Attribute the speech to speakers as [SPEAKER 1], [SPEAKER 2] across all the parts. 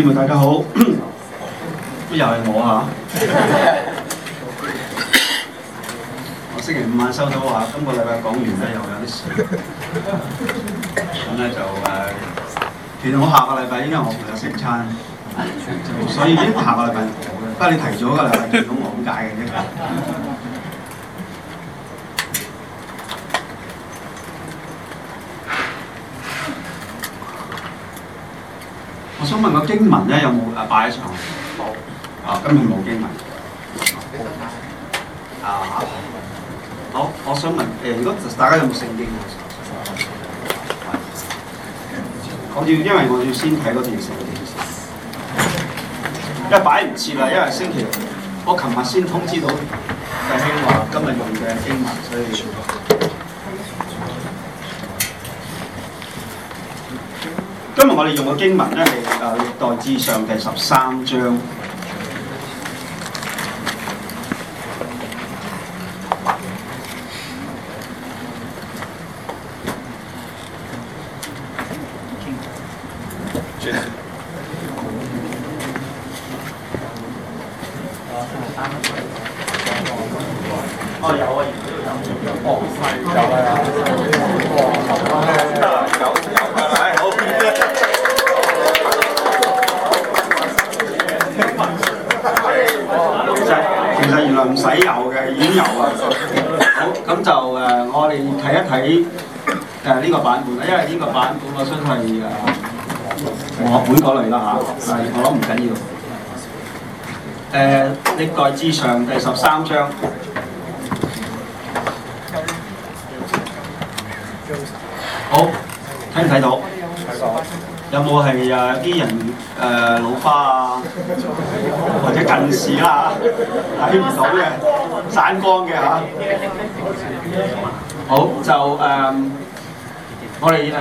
[SPEAKER 1] 希望大家好，又係我啊。 我星期五晚收到話，今個禮拜講完咧，又有啲事，咁咧、 嗯、就誒、呃，其實我下個禮拜因為我負責食餐， 所以咧下個禮拜唔好嘅。不過你提早個禮拜，見到我點解嘅啫。 我想問個經文咧有冇啊擺喺場？冇啊有、哦，今日冇經文。有啊，好、哦，我想問誒，如、呃、果大家有冇聖經、嗯、我要因為我要先睇嗰段聖經先、嗯、因為擺唔切啦，因為星期六。我琴日先通知到弟兄話今日用嘅經文，所以。今日我哋用嘅經文咧係誒《歷代志上》第十三章。係，我諗唔緊要。誒，《歷代志上》第十三章。好，睇唔睇到？有冇係啊？啲人誒老花啊，或者近視啊，睇唔到嘅，散光嘅嚇。好，就誒，我哋誒。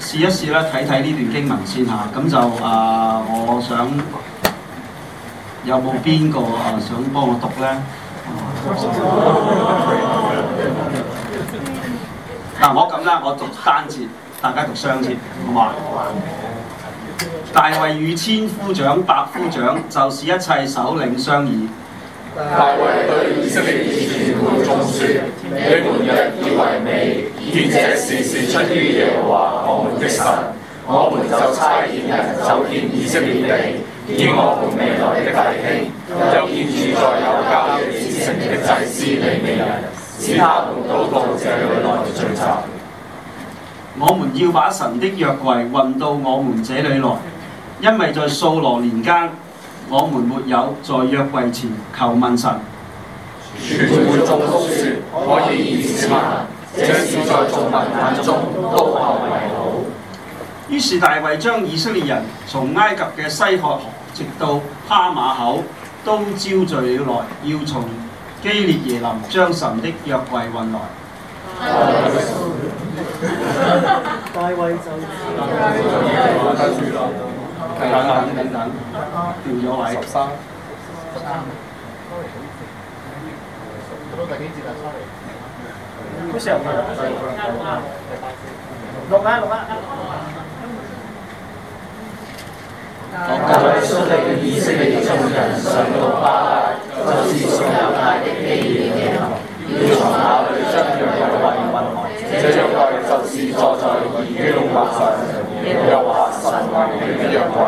[SPEAKER 1] 試一試啦，睇睇呢段經文先吓、啊，咁、嗯、就啊、呃，我想有冇邊個啊想幫我讀咧？嗱、哦哦啊，我咁啦，我讀單節，大家讀雙節，好嘛？解大衞與千夫長、百夫長，就是一切首領商議。大衞對以色列全會眾説：你們若以為美，見這事是出於耶和華。我們就差遣人走遍以色列地，見我們未來的大兄，又見住在有迦勒支城的祭司利未人，此刻，落到到這裡來聚集。我們要把神的約櫃運到我們這裡來，因為在掃羅年間，我們沒有在約櫃前求問神。全會眾都說，可以如此行。這是在眾民眼中，都厚為於是大衛將以色列人從埃及嘅西河直到哈馬口都招聚了來，要從基列耶林將神的約櫃運來。大衛就等等等掉咗位。落班神的約櫃。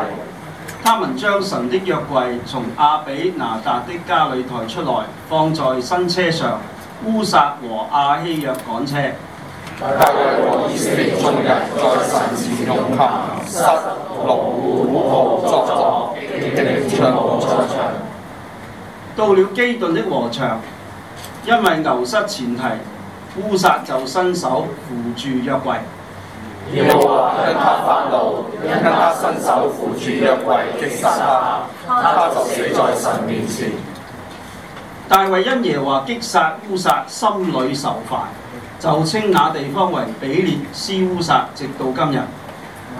[SPEAKER 1] 他們將神的約櫃從阿比拿達的家裏抬出來，放在新車上。烏撒和阿希約趕車。到了基頓的禾場，因為牛失前蹄，烏殺就伸手扶住約櫃。耶和華跟他發怒，因他伸手扶住約櫃，擊殺他，他就死在神面前。大衛因耶和華擊殺烏殺，心裡受煩，就稱那地方為比列斯烏殺，直到今日。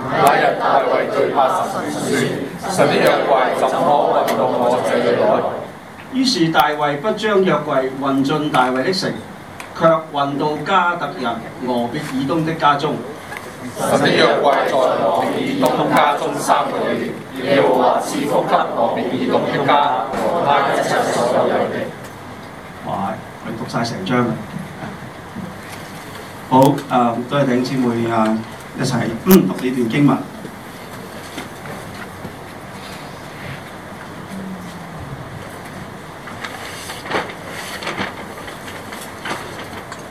[SPEAKER 1] 那日大衛懼怕神，說：神的約櫃怎可運到我這裏來？於是大衛不將約櫃運進大衛的城，卻運到加特人俄別以東的家中。神的約櫃在俄別以東家中三個月，耶和華賜福給俄別以東的家和他一切所有的。好，你讀晒成章啦。好，誒，都係頂姊妹啊。一齊嗯讀呢段經文。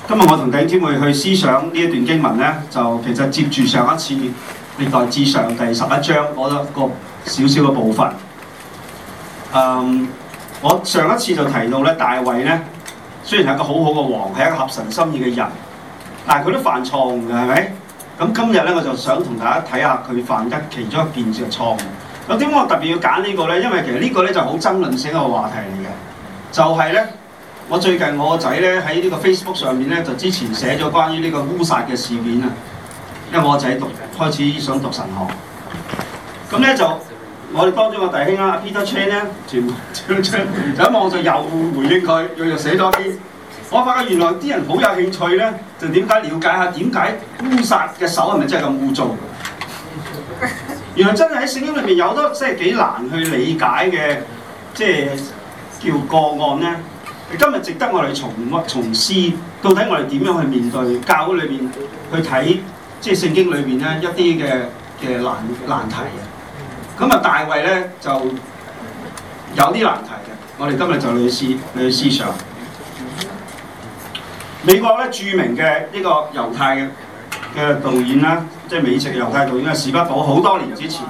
[SPEAKER 1] 今日我同弟兄姊妹去思想呢一段經文咧，就其實接住上一次《歷代志上》第十一章，我、那、有個少少嘅部分。嗯，我上一次就提到咧，大衛咧雖然係一個好好嘅王，係一個合神心意嘅人，但係佢都犯錯誤㗎，係咪？咁今日咧，我就想同大家睇下佢犯得其中一件事嘅錯誤。咁點解我特別要揀呢個咧？因為其實呢個咧就好爭論性嘅話題嚟嘅，就係咧，我最近我個仔咧喺呢個 Facebook 上面咧，就之前寫咗關於呢個污殺嘅事件啊。因為我個仔讀開始想讀神學，咁咧就我哋當中個弟兄啊 Peter Chan 咧，全部。Peter 就喺網上又回應佢，又又寫多啲。我發覺原來啲人好有興趣咧，就點解了解下點解污殺嘅手係咪真係咁污糟？原來真係喺聖經裏面有好多即係幾難去理解嘅，即係叫個案咧。今日值得我哋重重思，到底我哋點樣去面對教會裏面去睇，即係聖經裏面咧一啲嘅嘅難難題啊！咁啊，大衛咧就有啲難題嘅，我哋今日就去思去思想。美國咧著名嘅呢個猶太嘅嘅導演啦，即係美籍猶太導演啊，史匹堡好多年之前，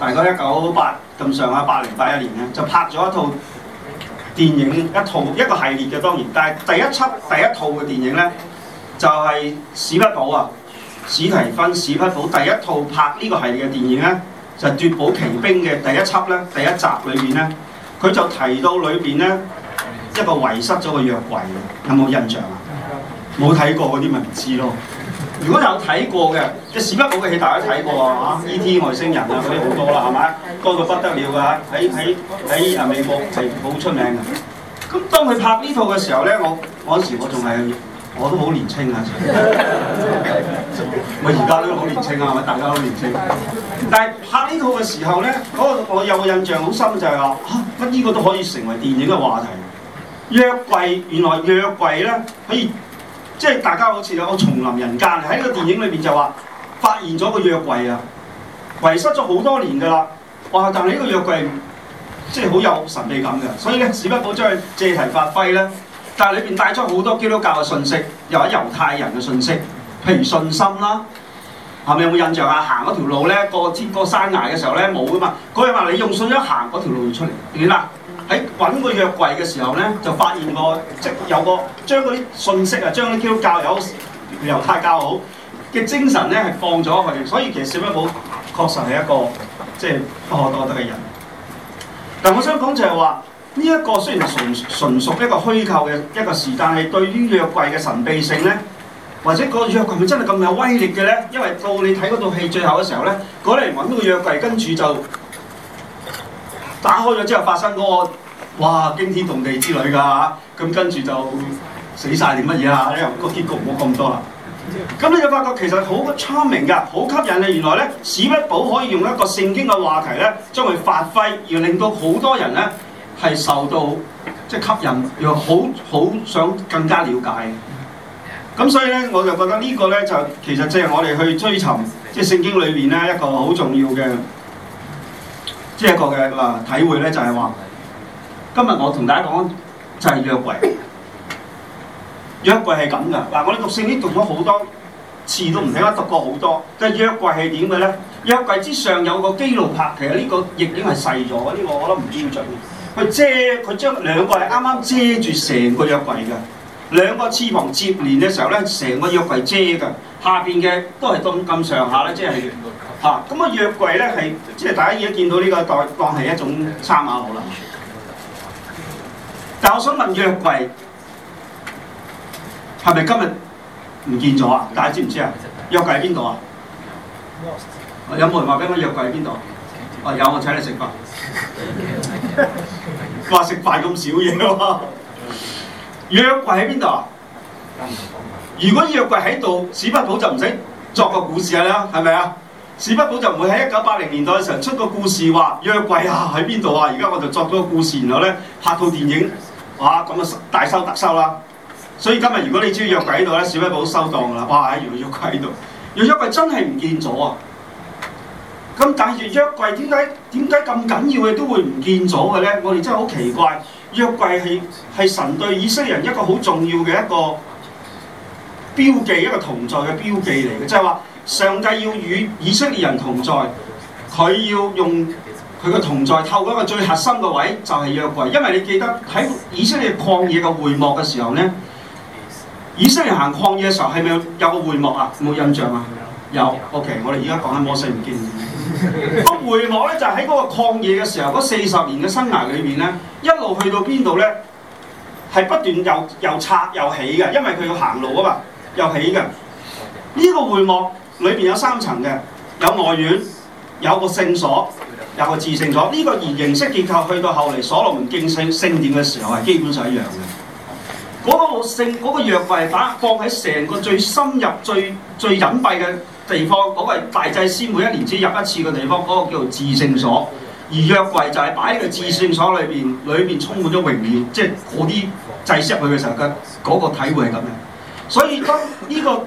[SPEAKER 1] 大概一九八咁上下八零八一年嘅，就拍咗一套電影，一套一個系列嘅當然，但係第一輯第一套嘅電影咧就係史匹堡啊史提芬史匹堡，第一套拍呢個系列嘅電影咧就係奪寶奇兵嘅第一輯咧，第一集裏面咧佢就提到裏面咧一個遺失咗嘅約櫃，有冇印象啊？冇睇過嗰啲文字知咯。如果有睇過嘅，即係不狗嘅戲，大家睇過啊吓 E.T. 外星人啊，嗰啲好多啦，係咪啊？多到不得了啊！喺喺喺啊，美國係好出名嘅。咁當佢拍呢套嘅時候咧，我嗰時我仲係我都好年青啊。我而家都好年青啊，咪大家都年青，啊。但係拍呢套嘅時候咧，嗰、嗰個我有個印象好深，就係話嚇乜呢個都可以成為電影嘅話題。約櫃原來約櫃咧可以。即係大家好似有個叢林人間，喺呢個電影裏邊就話發現咗個約櫃啊，遺失咗好多年㗎啦。哇！但係呢個約櫃即係好有神秘感嘅，所以咧，史匹堡將佢借題發揮咧，但係裏邊帶出好多基督教嘅信息，又有猶太人嘅信息，譬如信心啦。係咪有冇印象啊？行嗰條路咧，過天過山崖嘅時候咧，冇㗎嘛。古人話：你用信一行嗰條路出嚟，明白？喺揾個約櫃嘅時候咧，就發現個即有個將嗰啲信息啊，將啲基督教友猶太教好嘅精神咧，係放咗佢。所以其實小咩寶確實係一個即係不可多得嘅人。但我想講就係話，呢、這、一個雖然係純純屬一個虛構嘅一個事，但係對於約櫃嘅神秘性咧，或者個約櫃係真係咁有威力嘅咧，因為到你睇嗰套戲最後嘅時候咧，嗰啲人揾到約櫃跟住就。打開咗之後發生嗰、那個哇驚天動地之類㗎，咁跟住就死晒啲乜嘢啊？因為個結局唔好咁多啦。咁你就發覺其實好聰明㗎，好吸引啊！原來咧史密保可以用一個聖經嘅話題咧，將佢發揮，而令到好多人咧係受到即係吸引，又好好想更加了解。咁所以咧，我就覺得個呢個咧就其實即係我哋去追尋即係聖經裏邊咧一個好重要嘅。即係一個嘅話體會咧，就係話今日我同大家講就係約櫃，約櫃係咁噶。嗱，我哋讀聖經讀咗好多次都唔係得讀過好多。但係約櫃係點嘅咧？約櫃之上有個基路柏，其實呢個亦已經係細咗。呢、這個我覺得唔重要著。佢遮佢將兩個係啱啱遮住成個約櫃嘅。兩個翅膀接連嘅時候咧，成個約櫃遮㗎，下邊嘅都係當咁上下啦，即係嚇。咁啊約櫃咧係，即係大家而家見到呢個代當係一種參考好啦。但係我想問約櫃係咪今日唔見咗啊？大家知唔知啊？約、啊、櫃喺邊度啊？有冇人話俾我約櫃喺邊度？哦、啊，有我請你食飯。話食飯咁少嘢喎。約櫃喺邊度啊？如果約櫃喺度，史匹堡就唔使作個故事啦，係咪啊？史匹堡就唔會喺一九八零年代嘅時候出個故事話約櫃啊喺邊度啊？而家我就作咗個故事，然後咧拍套電影，哇咁啊大收特收啦！所以今日如果你知約櫃喺度咧，史匹堡收檔啦！哇，原來約櫃喺度，若約櫃真係唔見咗啊！咁但係約櫃點解點解咁緊要嘅都會唔見咗嘅咧？我哋真係好奇怪。約櫃係神對以色列人一個好重要嘅一個標記，一個同在嘅標記嚟嘅，即係話上帝要與以色列人同在，佢要用佢嘅同在透過一個最核心嘅位，就係約櫃，因為你記得喺以色列曠野嘅會幕嘅時候呢，以色列行曠野嘅時候係咪有個會幕啊？有冇印象啊？有 OK，我哋而家講緊摩西五經。個 會幕咧就喺嗰個曠野嘅時候，嗰四十年嘅生涯裏邊咧，一路去到邊度咧，係不斷又又拆又起嘅，因為佢要行路啊嘛，又起嘅。呢、這個會幕裏邊有三層嘅，有外院，有個聖所，有個至聖所。呢、這個而形式結構去到後嚟所羅門建聖聖殿嘅時候係基本上一樣嘅。嗰 個聖嗰、那個約櫃擺放喺成個最深入、最最隱蔽嘅。地方嗰、那個大祭司每一年只入一次嘅地方，嗰、那個叫做至聖所。而約櫃就係擺喺個至聖所裏邊，裏邊充滿咗榮耀，即係嗰啲祭牲去嘅時候，佢、那、嗰個體會係咁嘅。所以當呢個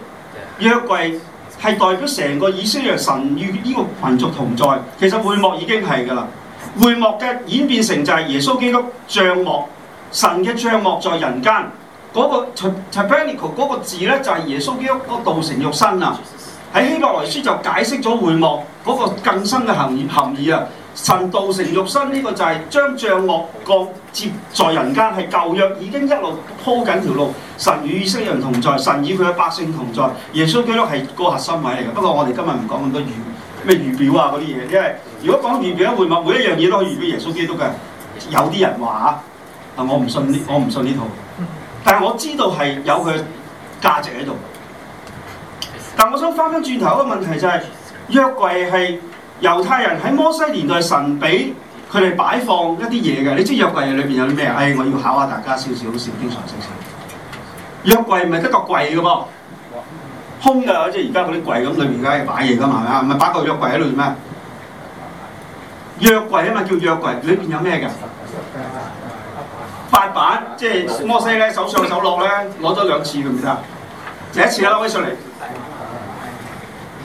[SPEAKER 1] 約櫃係代表成個以色列神與呢個民族同在。其實會幕已經係㗎啦，會幕嘅演變成就係耶穌基督帳幕，神嘅帳幕在人間嗰、那個 t p i b a l 嗰個字咧，就係、是、耶穌基督嗰個道成肉身啊！喺希伯來書就解釋咗會幕嗰個更深嘅含含義啊！神道成肉身呢個就係將帳幕降接在人間，係舊約已經一路鋪緊條路。神與以色列人同在，神與佢嘅百姓同在。耶穌基督係個核心位嚟嘅。不過我哋今日唔講咁多預咩預表啊嗰啲嘢，因為如果講預表會幕，每一樣嘢都可以預表耶穌基督嘅。有啲人話啊，我唔信呢，我唔信呢套，但係我知道係有佢價值喺度。但我想翻返轉頭一個問題就係、是、約櫃係猶太人喺摩西年代神俾佢哋擺放一啲嘢嘅，你知約櫃裏邊有啲咩啊？誒、哎，我要考下大家少少聖經常識。約櫃唔係得個櫃嘅噃，空㗎，即係而家嗰啲櫃咁，裏邊而家係擺嘢㗎嘛，係咪啊？唔係擺個約櫃喺度做咩？約櫃啊嘛，叫約櫃，裏邊有咩嘅？八板，即係摩西咧，手上手落咧，攞咗兩次，記唔記得？第一次拉起上嚟。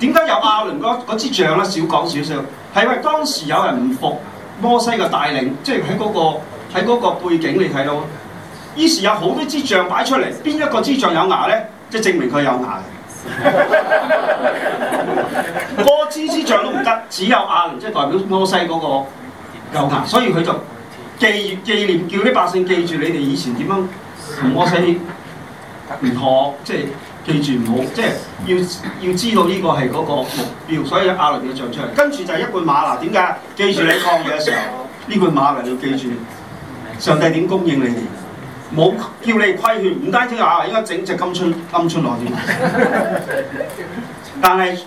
[SPEAKER 1] 點解有亞倫嗰支杖咧？少講少少，係因為當時有人唔服摩西嘅帶領，即係喺嗰個喺嗰個背景你睇到。於是有好多支杖擺出嚟，邊一個支杖有牙咧？即係證明佢有牙。我 支支杖都唔得，只有亞倫即係、就是、代表摩西嗰個有牙，所以佢就記記念叫啲百姓記住你哋以前點樣同摩西唔妥即係。就是記住唔好，即係要要知道呢個係嗰個目標，所以阿樂要唱出嚟。跟住就係一罐馬嚟，點解？記住你抗議嘅時候，呢罐 馬嚟要記住。上帝點供應你？冇叫你虧欠，唔單止阿嚟，應該整隻金春金春來點？ 但係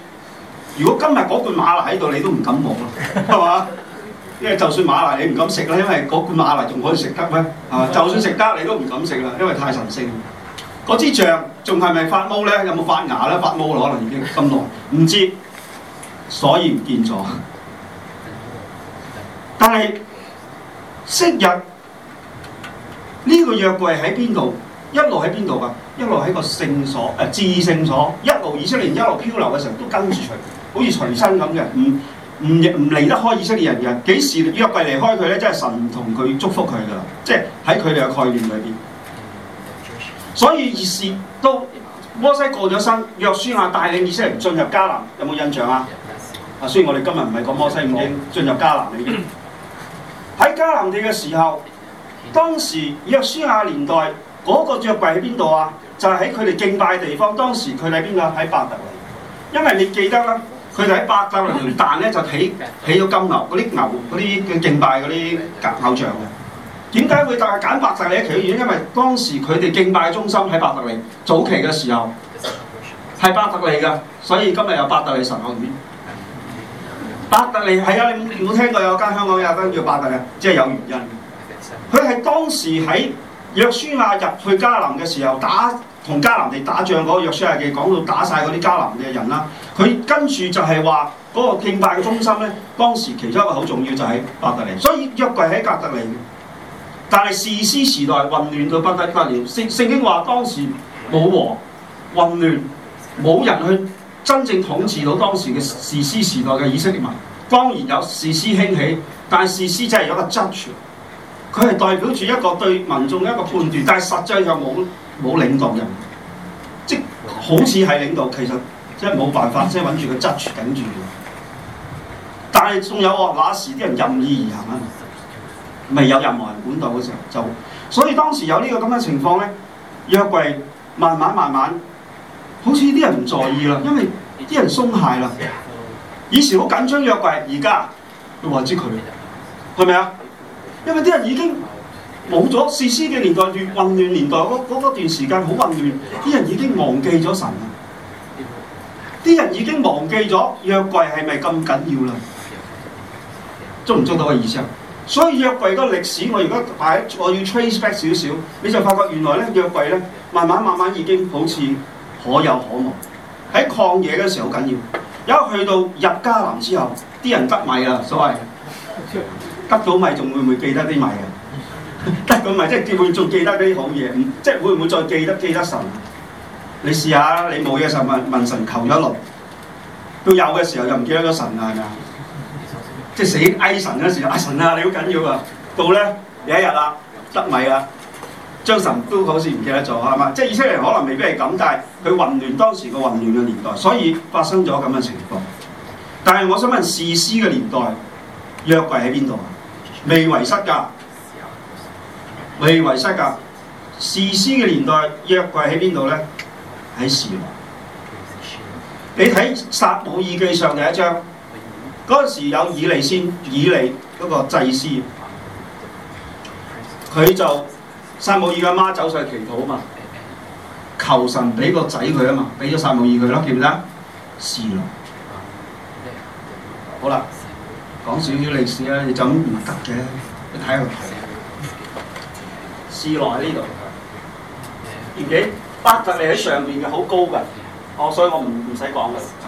[SPEAKER 1] 如果今日嗰罐馬嚟喺度，你都唔敢摸啦，係嘛？因為就算馬嚟，你唔敢食啦，因為嗰罐馬嚟仲可以食得咩？啊， 就算食得，你都唔敢食啦，因為太神聖。嗰支杖仲係咪發毛咧？有冇發芽咧？發毛咯，可能已經咁耐，唔知，所以唔見咗。但係昔日呢個約櫃喺邊度？一路喺邊度㗎？一路喺個聖所，誒至聖所，一路以色列人一路漂流嘅時候都跟住佢，好似隨身咁嘅，唔唔唔離得開以色列人嘅。幾時約櫃離開佢咧？真係神同佢祝福佢㗎啦，即係喺佢哋嘅概念裏邊。所以二是都摩西過咗身，約書亞帶領以色列進入迦南，有冇印象啊？啊，雖然我哋今日唔係講摩西五經，進入迦南呢邊。喺迦 南地嘅時候，當時約書亞年代嗰、那個約櫃喺邊度啊？就係喺佢哋敬拜的地方。當時佢喺邊啊？喺伯特利。因為你記得啦，佢就喺伯特利，但咧就起起咗金牛，嗰啲牛嗰啲敬拜嗰啲偶像。點解會大揀伯特利嘅其中原因，因為當時佢哋敬拜中心喺伯特利，早期嘅時候係伯特利嘅，所以今日有伯特利神學院。伯特利係啊，你冇聽過有間香港有間叫伯特利，即係有原因。佢係當時喺約書亞入去迦南嘅時候打，同迦南地打仗嗰個，約書亞記講到打晒嗰啲迦南嘅人啦，佢跟住就係話嗰個敬拜嘅中心咧，當時其中一個好重要就喺伯特利，所以約櫃喺格特利。但係士師時代混亂到不得了，聖聖經話當時冇王混亂，冇人去真正統治到當時嘅士師時代嘅以色列民。當然有士師興起，但係士師真係有個質樑，佢係代表住一個對民眾嘅一個判斷，但係實際又冇冇領導人，即好似係領導，其實即係冇辦法，即係揾住個質樑頂住。但係仲有啊，那時啲人任意而行，未有任何人管到嘅時候，就所以當時有呢、這個咁嘅情況咧，約櫃慢慢慢慢，好似啲人唔在意啦，因為啲人鬆懈啦。以前好緊張約櫃，而家話知佢，係咪啊？因為啲人已經冇咗事事嘅年代，亂混亂年代嗰段時間好混亂，啲人已經忘記咗神啊！啲人已經忘記咗約櫃係咪咁緊要啦？捉唔捉到嘅意思？所以約櫃嗰個歷史，我而家擺我要 trace back 少少，你就發覺原來咧約櫃咧，慢慢慢慢已經好似可有可無。喺曠野嘅時候好緊要，一去到入迦南之後，啲人得米啦，所謂得到米仲會唔會記得啲米啊？ 得到米即係會仲記得啲好嘢，即係會唔會再記得記得神？你試下你冇嘢時候問，問神求一輪，到有嘅時候又唔記得咗神係咪啊？即係死埃神嗰時，埃、哎、神啊你好緊要呢啊！到咧有一日啦，得米啦，張神都好似唔記得咗係嘛？即係以色列人可能未必係咁，但係佢混亂當時個混亂嘅年代，所以發生咗咁嘅情況。但係我想問，士師嘅年代約櫃喺邊度啊？未遺失㗎，未遺失㗎。士師嘅年代約櫃喺邊度咧？喺示羅。你睇撒母耳記上第一章。嗰陣時有以利先，以利嗰個祭司，佢就撒母耳嘅媽走上去祈禱啊嘛，求神俾個仔佢啊嘛，俾咗撒母耳佢咯，記唔記得？示羅，好啦，講少少歷史啦，你就咁唔得嘅，你睇下示羅喺呢度，年紀伯特利喺上邊嘅，好高㗎，哦，所以我唔唔使講佢。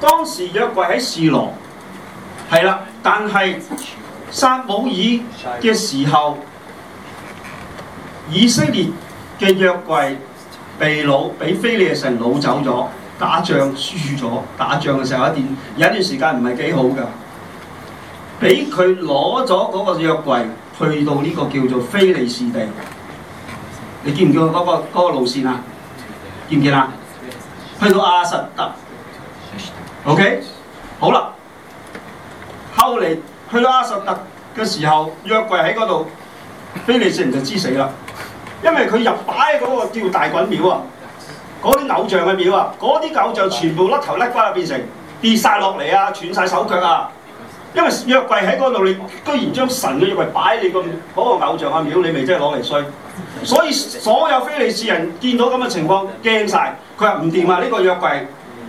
[SPEAKER 1] 當時約櫃喺示羅，係啦，但係撒母耳嘅時候，以色列嘅約櫃被攞，俾菲利士人攞走咗，打仗輸咗，打仗嘅時候一段有一段時間唔係幾好㗎，俾佢攞咗嗰個約櫃去到呢個叫做菲利士地，你見唔見到、嗰個嗰、嗰個路線啊？見唔見啊？去到亞實德。O、okay? K，好啦，後嚟去到阿實特嘅時候，約櫃喺嗰度，非利士人就知死啦。因為佢入擺嗰個叫大衮廟啊，嗰啲偶像嘅廟啊，嗰啲偶像全部甩頭甩骨啊，變成跌晒落嚟啊，斷晒手腳啊。因為約櫃喺嗰度，你居然將神嘅約櫃擺喺你個嗰個偶像嘅廟，你咪真係攞嚟衰。所以所有非利士人見到咁嘅情況驚晒，佢話唔掂啊！呢、這個約櫃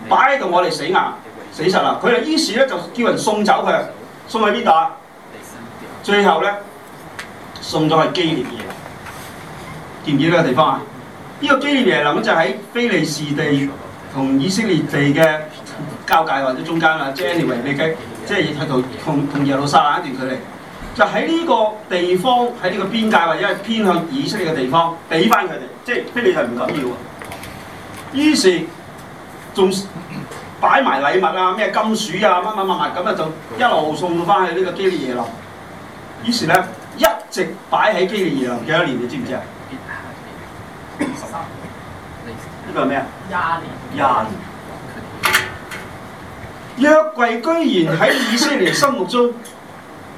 [SPEAKER 1] 擺喺度，我哋死硬、啊。死實啦！佢啊，於是咧就叫人送走佢，送去邊度啊？最後咧送咗去基列耶琳，記唔記呢個地方啊？呢、呢個基列耶琳就喺非利士地同以色列地嘅交界或者中間啦，即係離亞伯基，即係喺度同同耶路撒冷一段距離。就喺呢個地方，喺呢個邊界或者係偏向以色列嘅地方，俾翻佢哋，即係非利士唔緊要啊。於是仲。擺埋禮物啊，咩金鼠啊，乜乜乜物咁啊，就一路送翻去呢個基利耶啦。於是咧，一直擺喺基利耶啦，幾多年你知唔知啊？呢 個係咩啊？廿年。廿年。 約櫃居然喺以色列心目中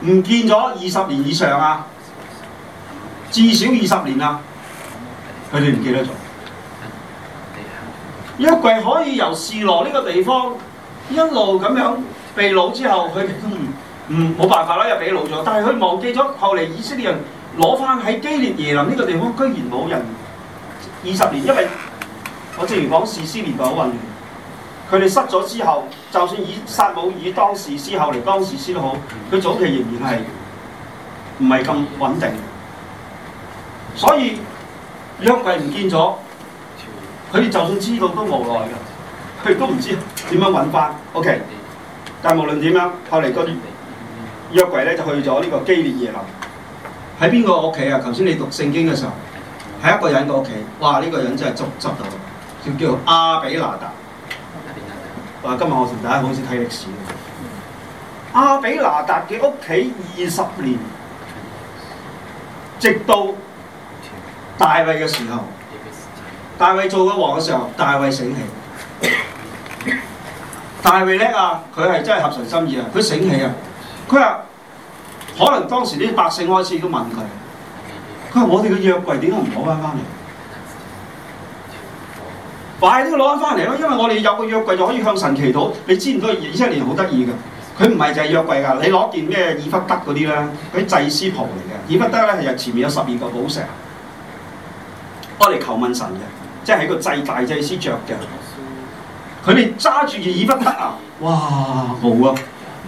[SPEAKER 1] 唔見咗二十年以上啊！至少二十年啊！佢哋唔記得咗。約櫃可以由士羅呢個地方一路咁樣被擄之後，佢唔嗯冇、嗯、辦法啦，又被擄咗。但係佢忘記咗後嚟以色列人攞翻喺基列耶林呢個地方，居然冇人二十年，因為我正如講，士師年代好混亂，佢哋失咗之後，就算以撒母耳當士師，後嚟當士師都好，佢早期仍然係唔係咁穩定，所以約櫃唔見咗。佢就算知道都無奈㗎，佢都唔知點樣揾返。O、okay, K，但無論點樣，後嚟嗰啲約櫃咧就去咗呢個基列耶琳。喺邊、嗯、個屋企啊？頭先你讀聖經嘅時候，喺一個人嘅屋企。哇！呢、這個人真係捉執到，叫叫做阿比拿達。啊！今日我同大家好似睇歷史。阿比拿達嘅屋企二十年，直到大衛嘅時候。大衛做咗王嘅時候，大衛醒起，大衛叻啊！佢係真係合神心意啊！佢醒起啊，佢話：可能當時啲百姓開始都問佢，佢話：我哋嘅約櫃點解唔攞翻翻嚟？快啲攞翻翻嚟咯！因為我哋有個約櫃就可以向神祈禱。你知前都二零一年好得意嘅，佢唔係就係約櫃㗎，你攞件咩以弗得嗰啲咧？嗰啲祭司袍嚟嘅，以弗得呢，係前面有十二個寶石，攞嚟求問神嘅。即係喺個祭大祭司着嘅，佢哋揸住亦不得啊！哇，冇啊！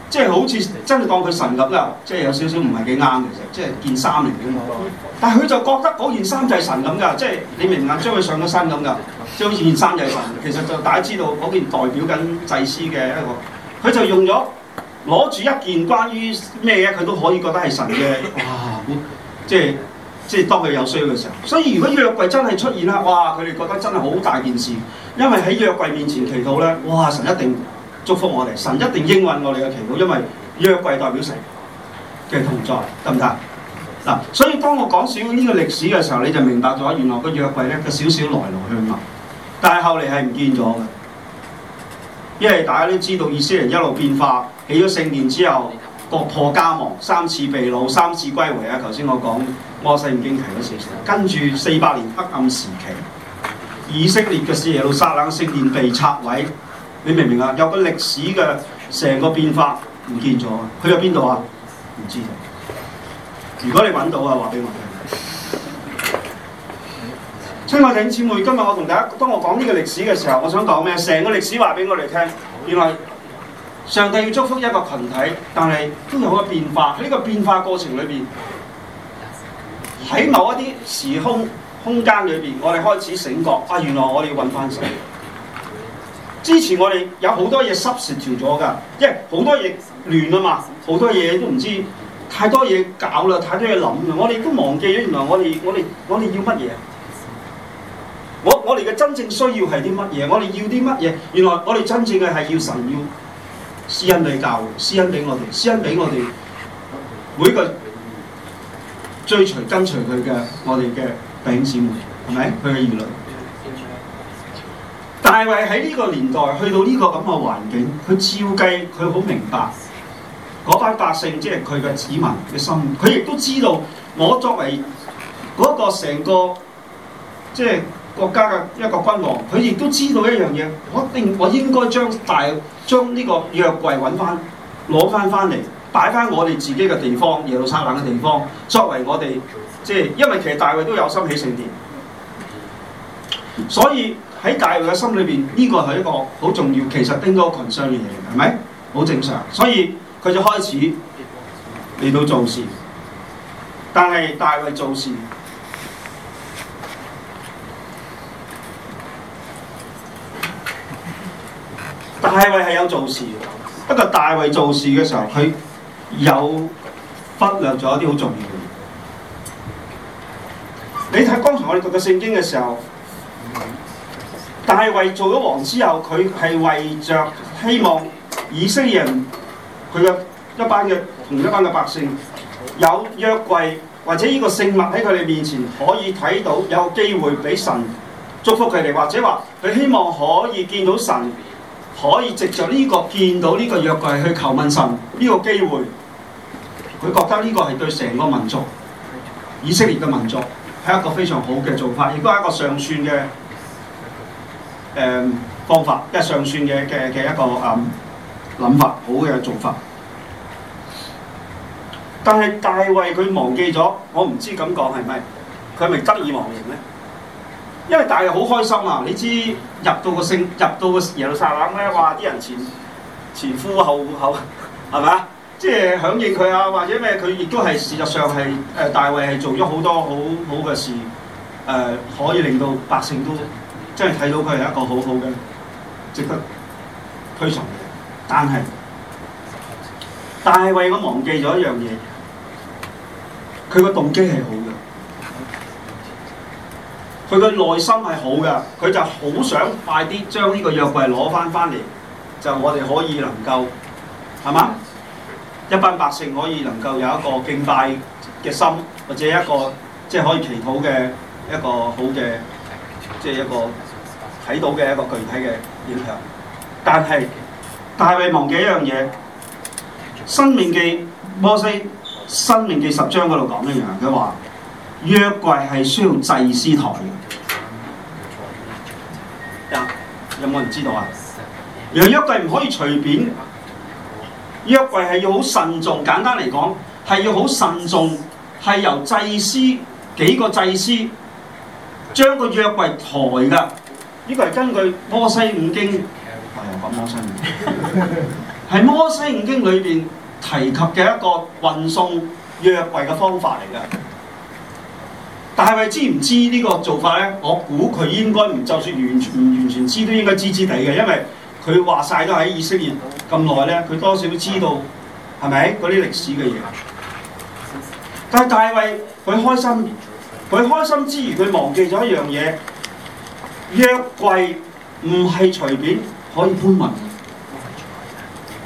[SPEAKER 1] 即係好似真係當佢神咁啦，即係有少少唔係幾啱其實，即係件衫嚟嘅。但係佢就覺得嗰件衫就係神咁噶，即係你明唔明？將佢上咗身咁噶，即係好似件衫就係神。其實就大家知道嗰件代表緊祭司嘅一個，佢就用咗攞住一件關於咩嘢，佢都可以覺得係神嘅。哇！即係。即係當佢有需要嘅時候，所以如果約櫃真係出現啦，哇！佢哋覺得真係好大件事，因為喺約櫃面前祈禱咧，哇！神一定祝福我哋，神一定應允我哋嘅祈禱，因為約櫃代表神嘅同在，得唔得？嗱、啊，所以當我講少少呢個歷史嘅時候，你就明白咗原來個約櫃咧個少少來來去去，但係後嚟係唔見咗嘅，因為大家都知道以色列人一路變化，起咗聖殿之後。國破家亡，三次被擄，三次歸回啊！頭先我講摩西五經提咗少少，跟住四百年黑暗時期，以色列嘅士耶路撒冷聖殿被拆毀，你明唔明啊？有個歷史嘅成個變化唔見咗去咗邊度啊？唔知道。如果你揾到啊，話俾我聽。親愛嘅姐妹，今日我同大家當我講呢個歷史嘅時候，我想講咩？成個歷史話俾我哋聽，原來。上帝要祝福一個群體，但係都有個變化，喺呢個變化過程裏邊，
[SPEAKER 2] 喺某一啲時空
[SPEAKER 1] 空間裏邊，我哋開始醒覺啊！原來我哋要搵返神。之前我哋有好多嘢濕蝕掉咗㗎，因為好多嘢亂啊嘛，好多嘢都唔知太多嘢搞啦，太多嘢諗啦，我哋都忘記咗原來我哋我哋我哋要乜嘢？我我哋嘅真正需要係啲乜嘢？我哋要啲乜嘢？原來我哋真正嘅係要神要。施恩俾教會，施恩俾我哋，施恩俾我哋每個追隨跟隨佢嘅我哋嘅弟兄姊妹，係咪？佢嘅兒女。大衛喺呢個年代，去到呢個咁嘅環境，佢照計，佢好明白嗰班百姓，即係佢嘅子民嘅心。佢亦都知道，我作為嗰個成個即係。國家嘅一個君王，佢亦都知道一樣嘢，我一定我應該將大將呢個約櫃揾翻，攞翻翻嚟擺翻我哋自己嘅地方，耶路撒冷嘅地方，作為我哋即係，因為其實大衛都有心起聖殿，所以喺大衛嘅心裏邊，呢、這個係一個好重要，其實應該群相嘅嘢嚟，係咪？好正常，所以佢就開始嚟到做事，但係大衛做事。大衛係有做事，不過大衛做事嘅時候，佢有忽略咗一啲好重要嘅嘢。你睇，剛才我哋讀嘅聖經嘅時候，大衛做咗王之後，佢係為着希望以色列人，佢嘅一班嘅同一班嘅百姓，有約櫃，或者呢個聖物喺佢哋面前可以睇到，有機會俾神祝福佢哋，或者話，佢希望可以見到神。可以藉着呢個見到呢個約櫃去求問神呢個機會，佢覺得呢個係對成個民族以色列嘅民族係一個非常好嘅做法，亦都係一個上算嘅方法，一係上算嘅嘅一個誒、諗法，好嘅做法。但係大衛佢忘記咗，我唔知咁講係咪？佢係咪得意忘形呢？因為大衛好開心啊！你知入到個聖，入到個耶路撒冷咧，哇！啲人前前呼後後，係咪啊？即係、就是、響應佢啊，或者咩？佢亦都係事實上係誒大衛係做咗好多好好嘅事，誒、呃、可以令到百姓都真係睇到佢係一個好好嘅值得推崇嘅。但係大衛我忘記咗一樣嘢，佢個動機係好嘅。佢嘅內心係好嘅，佢就好想快啲將呢個約櫃攞翻翻嚟，就我哋可以能夠係嘛？一班百姓可以能夠有一個敬拜嘅心，或者一個即係可以祈禱嘅一個好嘅，即係一個睇到嘅一個具體嘅影響。但係大衛忘記一樣嘢，《申命記》摩西《申命記》十章嗰度講一樣，佢話約櫃係需要祭司台嘅。有冇人知道啊？原來約櫃唔可以隨便，約櫃係要好慎重，簡單嚟講係要好慎重，係由祭司幾個祭司將，這個約櫃抬㗎。呢個係根據摩西五經，係 摩西五經》係摩西五經裏邊提及嘅一個運送約櫃嘅方法嚟㗎。大衛知唔知呢個做法呢？我估佢應該唔就算完全唔完全知，都應該知知地嘅，因為佢話曬都喺以色列咁耐咧，佢多少都知道係咪嗰啲歷史嘅嘢？但係大衛，佢開心，佢開心之餘，佢忘記咗一樣嘢，約櫃唔係隨便可以搬運嘅。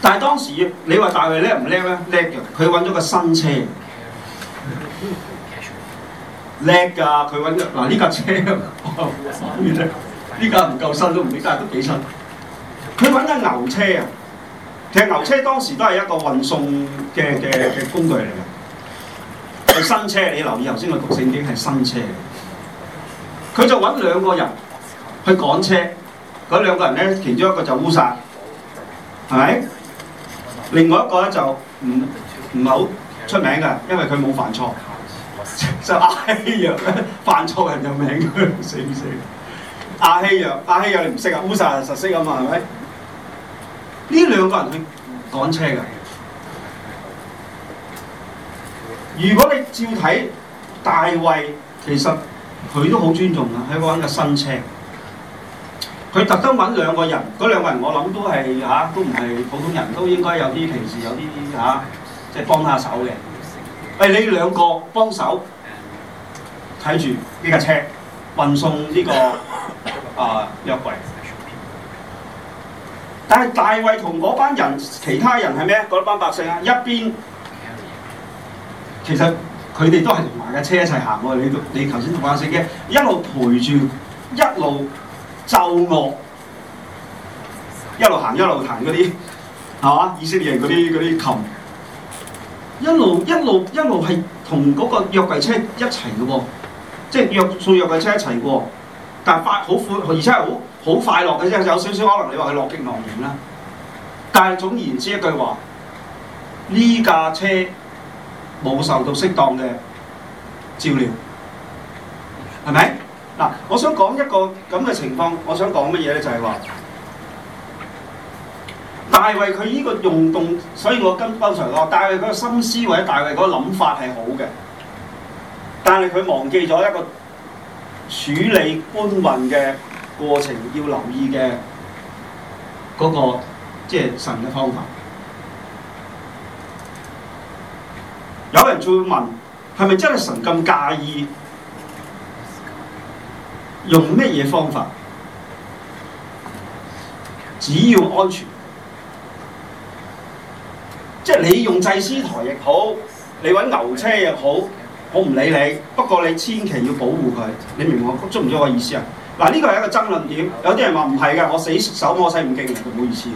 [SPEAKER 1] 但係當時你話大衛叻唔叻咧？叻嘅，佢揾咗個新車。叻㗎，佢揾咗嗱呢架車，哇！好叻，呢架唔夠新都唔理，但係都幾新。佢揾緊牛車啊，其實牛車當時都係一個運送嘅嘅嘅工具嚟嘅。係新車，你留意頭先個聖經已經係新車。佢就揾兩個人去趕車，嗰兩個人咧，其中一個就烏殺，係咪？另外一個咧就唔唔係好出名嘅，因為佢冇犯錯。就阿希讓咧，犯錯 人就名，死唔死？阿、啊、希讓，阿、啊、希讓你唔識啊？烏撒人實識，識啊嘛，係咪？呢兩個人去趕車㗎。如果你照睇，大衛其實佢都好尊重啊，喺嗰陣嘅新車，佢特登揾兩個人，嗰兩個人我諗都係嚇、啊，都唔係普通人，都應該有啲平時有啲嚇、啊，即係幫下手嘅。誒，你兩個幫手睇住呢架車運送呢、這個啊約櫃。但係大衛同嗰班人，其他人係咩？嗰班百姓啊，一邊其實佢哋都係同埋架車一齊行喎。你你頭先同我講嘅，一路陪住，一路奏樂，一路行一路彈嗰啲係嘛？以色列人嗰啲嗰啲琴。一路一路一路係同嗰個約櫃車一齊嘅喎，哦，即係約坐約櫃車一齊嘅喎，哦，但係發好闊，而且係好好快樂嘅，啫。有少少可能你話係樂極忘形啦。但係總言之一句話，呢架車冇受到適當嘅照料，係咪？嗱，我想講一個咁嘅情況，我想講乜嘢咧？就係、是、話。大衛佢呢個用動，動，所以我跟剛才講，大衛嗰個心思或者大衛嗰個諗法係好嘅，但係佢忘記咗一個處理官運嘅過程要留意嘅嗰、那個即係、就是、神嘅方法。有人就會問：係咪真係神咁介意？用咩嘢方法？只要安全。即係你用祭司台亦好，你揾牛車亦好，我唔理你。不過你千祈要保護佢，你明唔明我？中唔中我意思啊？嗱，呢、這個係一個爭論點。有啲人話唔係嘅，我死守摩西五經，唔好意思。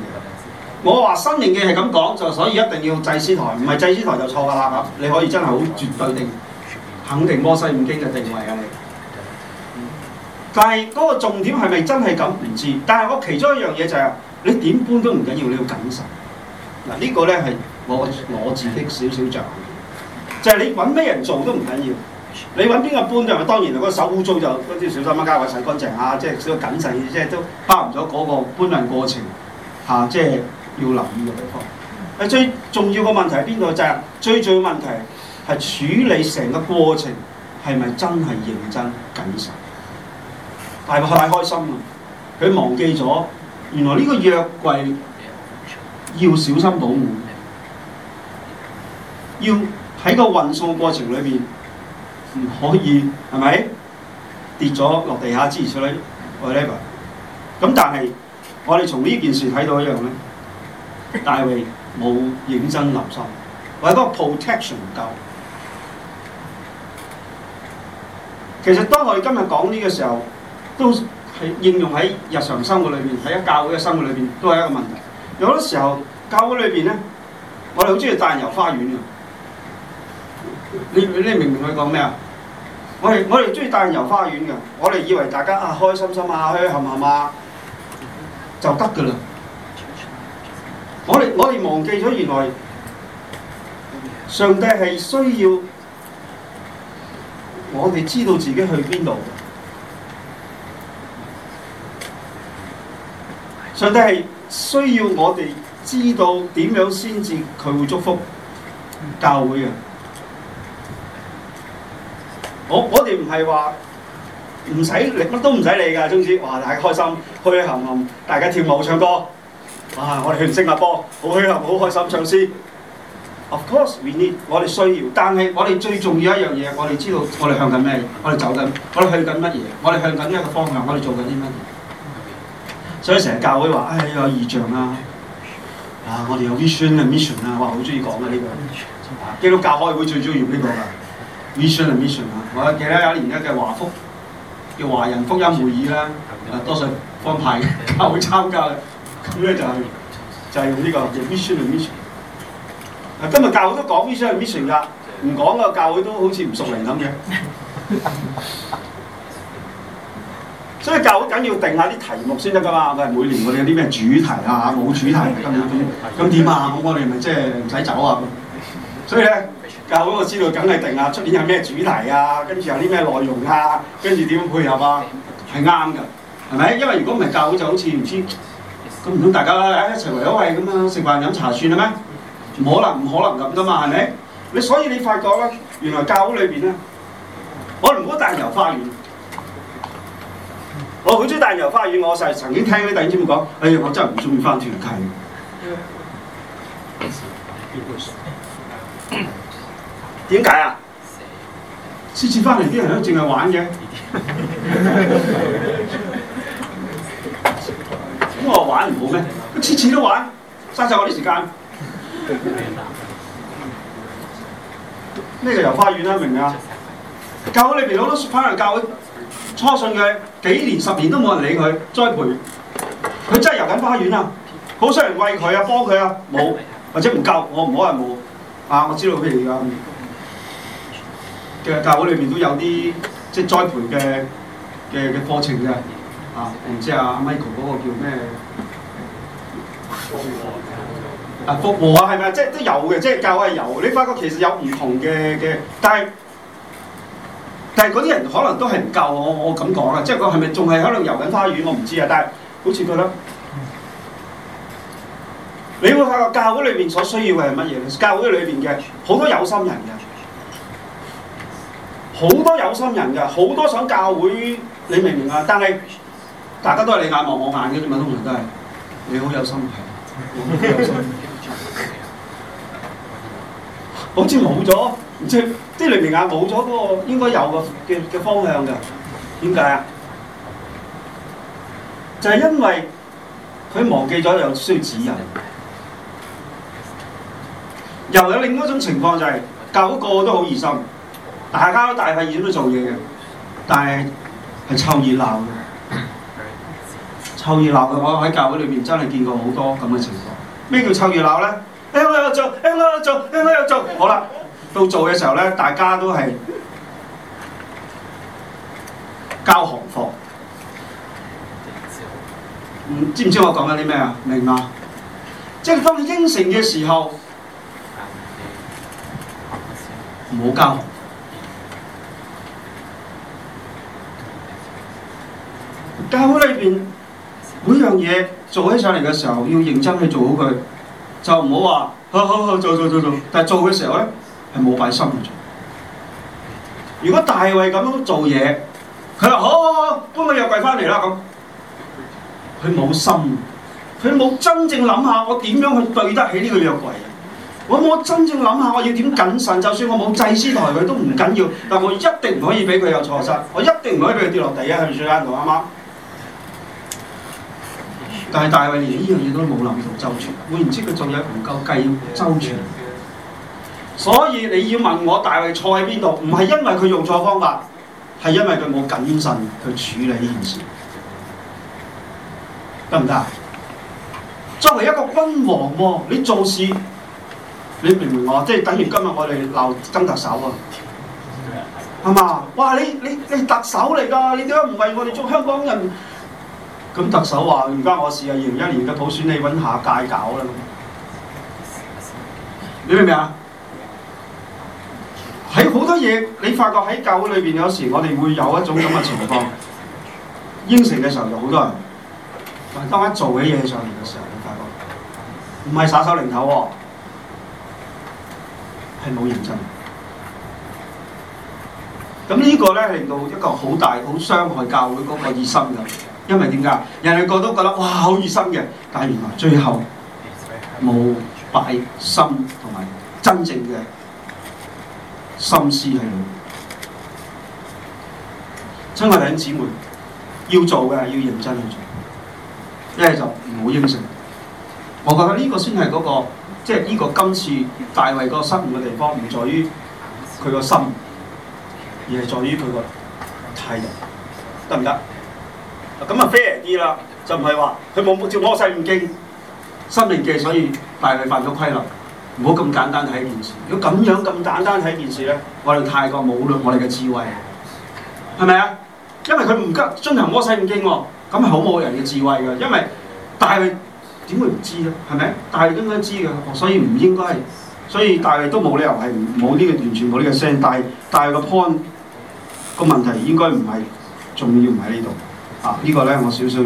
[SPEAKER 1] 我話新年嘅係咁講，就所以一定要祭司台，唔係祭司台就錯㗎啦。你可以真係好絕對定，肯定摩西五經嘅定位啊！你，嗯、但係嗰個重點係咪真係咁唔知？但係我其中一樣嘢就係、是，你點搬都唔緊要，你要謹慎。嗱、這個、呢個咧係。我我自己的少少著意，就係你揾咩人做都唔緊要，你揾邊個搬就係當然啦。嗰手污糟就啲小心加位洗乾淨啊，即係少個謹慎，即係都包含咗嗰個搬運過程嚇、啊，即係要留意嘅地方。啊，最重要嘅問題係邊度就係、是、最最重要個問題係處理成個過程係咪真係認真謹慎？但係佢太開心啦！佢忘記咗原來呢個約櫃要小心保護。要喺個運送過程裏邊唔可以，係咪跌咗落地下之類出嚟，whatever 咁，但係我哋從呢件事睇到一樣咧，大衞冇認真留心，或者嗰個 protection 唔夠。其實當我哋今日講呢個時候，都係應用喺日常生活裏邊，喺一教會嘅生活裏邊都係一個問題。有好多時候教會裏邊咧，我哋好中意帶人遊花園嘅。你你明唔明佢講咩啊？我哋我哋中意帶人遊花園嘅，我哋以為大家啊開心心下去，行行下嘛，就得噶啦。我哋我哋忘記咗原來上帝係需要我哋知道自己去邊度。上帝係需要我哋知道點樣先至佢會祝福教會嘅。我我哋唔係話唔使理乜都唔使理㗎，總之哇大家開心，去去行行，大家跳舞唱歌，哇！我哋去新加坡，好開心，好開心唱詩。Of course we need，我哋需要，但係我哋最重要一樣嘢，我哋知道我哋向緊咩，我哋走緊，我哋去緊乜嘢，我哋向緊一個方向，我哋做緊啲乜嘢。所以成日教會話，哎呀異象啊，啊我哋有 vision 啊 mission 啊，哇好中意講啊呢個，基督教開會最中意呢個㗎。mission 係 mission 啊！我記得有一年咧嘅華福叫華人福音會議啦，啊多數方派教會參加嘅，咁咧就是、就係、是、用呢、這個叫 mission 係 mission。今日教會都講 mission 係 mission 㗎，唔講嘅教會都好似唔熟嚟諗嘅。所以教會緊要定下啲題目先得㗎嘛？每年我哋有啲咩主題，主題啊？冇主題咁點？咁點啊？咁我哋咪即係唔使走啊？所以咧。教會我知道梗係定啊，出邊有咩主題啊，跟住有啲咩內容啊，跟住點配合啊，係啱㗎，係咪？因為如果唔係教會就好似唔知，咁唔通大家一齊圍咗圍咁樣，食飯飲茶算啦咩？唔可能，唔可能咁噶嘛，係咪？你所以你發覺咧，原來教會裏邊咧，我唔好大遊花園，我好中意大遊花園，我就曾經聽啲弟兄姊妹講，哎呀，我真係唔中意返團契。點解啊？次次翻嚟啲人都淨係玩嘅，咁 我玩唔好咩？次次都玩，嘥晒我啲時間。呢個遊花園啦，明唔明啊？教會裏邊好多翻嚟教會初信佢，幾年十年都冇人理佢栽培，佢真係遊緊花園啊！好少人，人、啊、人餵佢啊，幫佢啊，冇或者唔夠，我唔好話冇啊！我知道佢哋噶。嘅教會裏面都有啲即栽培嘅嘅嘅課程嘅，啊，唔知啊阿 Michael 嗰個叫咩？啊，復和啊，係咪啊？即都有嘅，即教會係有。你發覺其實有唔同嘅嘅，但係但係嗰啲人可能都係唔夠。我我咁講啦，即佢係咪仲係可能遊緊花園？我唔知啊。但係好似佢咯，你會發覺教會裏面所需要嘅係乜嘢？教會裏面嘅好多有心人嘅。好多有心人㗎，好多想教會你明唔明啊？但係大家都係你眼望我眼嘅，咋嘛， 通常都係你好有心，係， 我好似冇咗，即係即係明明眼冇咗嗰個應該有嘅嘅方向嘅，點解啊？就係、是、因為佢忘記咗有需要指引。又有另一種情況就係、是、教會個都好疑心。大家都大費周章都做嘢嘅，但係係湊熱鬧嘅，湊熱鬧嘅我喺教會裏面真係見過好多咁嘅情況。咩叫湊熱鬧呢？誒、嗯、我有做，誒、嗯、我有做，誒、嗯、我有做，好啦，到做嘅時候咧，大家都係交學課。唔、嗯、知唔知道我講緊啲咩啊？明白？即係當應承嘅時候，唔好交。教會裏邊每樣嘢做起上嚟嘅時候，要認真去做好佢，就唔好話好好好做做做做。但係做嘅時候咧，係冇擺心去做。如果大衞咁樣做嘢，佢話好好好搬個約櫃翻嚟啦咁，佢冇心，佢冇真正諗下我點樣去對得起呢個約櫃。咁我冇真正諗下，我要點謹慎？就算我冇祭司抬，佢都唔緊要，要，但我一定唔可以俾佢有錯失，我一定唔可以俾佢跌落地啊！你最啱同啱？媽。但係大衛連呢樣嘢都冇諗到周全，換言之，佢做嘢唔夠計周全。Yeah, yeah, yeah. 所以你要問我大衛錯喺邊度？唔係因為佢用錯方法，係因為佢冇謹慎去處理呢件事。得唔得？作為一個君王啊，你做事，你明唔明我？即係等於今日，我哋鬧曾特首啊，係嘛？哇！你你你特首嚟㗎，你點解唔為我哋做香港人？咁特首話，而家我試啊，二零一年嘅普選，你揾下屆搞啦。你明唔明啊？喺好多嘢，你發覺喺教會裏邊有時我哋會有一種咁嘅情況，應承嘅時候就好多人，但係當一做起嘢上面嘅時候，你發覺唔係耍手擰頭，係冇認真。咁呢個咧令到一個好大、好傷害教會嗰個熱心嘅。因為點解人哋個個都覺得哇好熱心嘅，但係原來最後冇擺心同埋真正嘅心思喺度。親愛弟兄姊妹，要做嘅要認真去做，一係就唔好應承。我覺得呢個先係嗰個，即係呢個今次大衛個失誤嘅地方，唔在於佢個心，而係在於佢個態度，得唔得？咁啊，fair 啲啦，就唔係話佢冇冇照摩西五經，心靈嘅，所以大衞犯咗規律，唔好咁簡單睇件事。如果咁樣咁簡單睇件事咧，我哋太過冇我哋嘅智慧啊，係咪啊？因為佢唔跟遵行摩西五經喎，咁好冇人嘅智慧噶。因為大衞點會唔知咧？係咪？大衞應該知嘅，所以唔應該係，所以大衞都冇理由係冇呢個完全冇呢個聲。但係但係個 point 個問題應該唔係重要唔喺呢度。啊！這個、呢個咧，我少少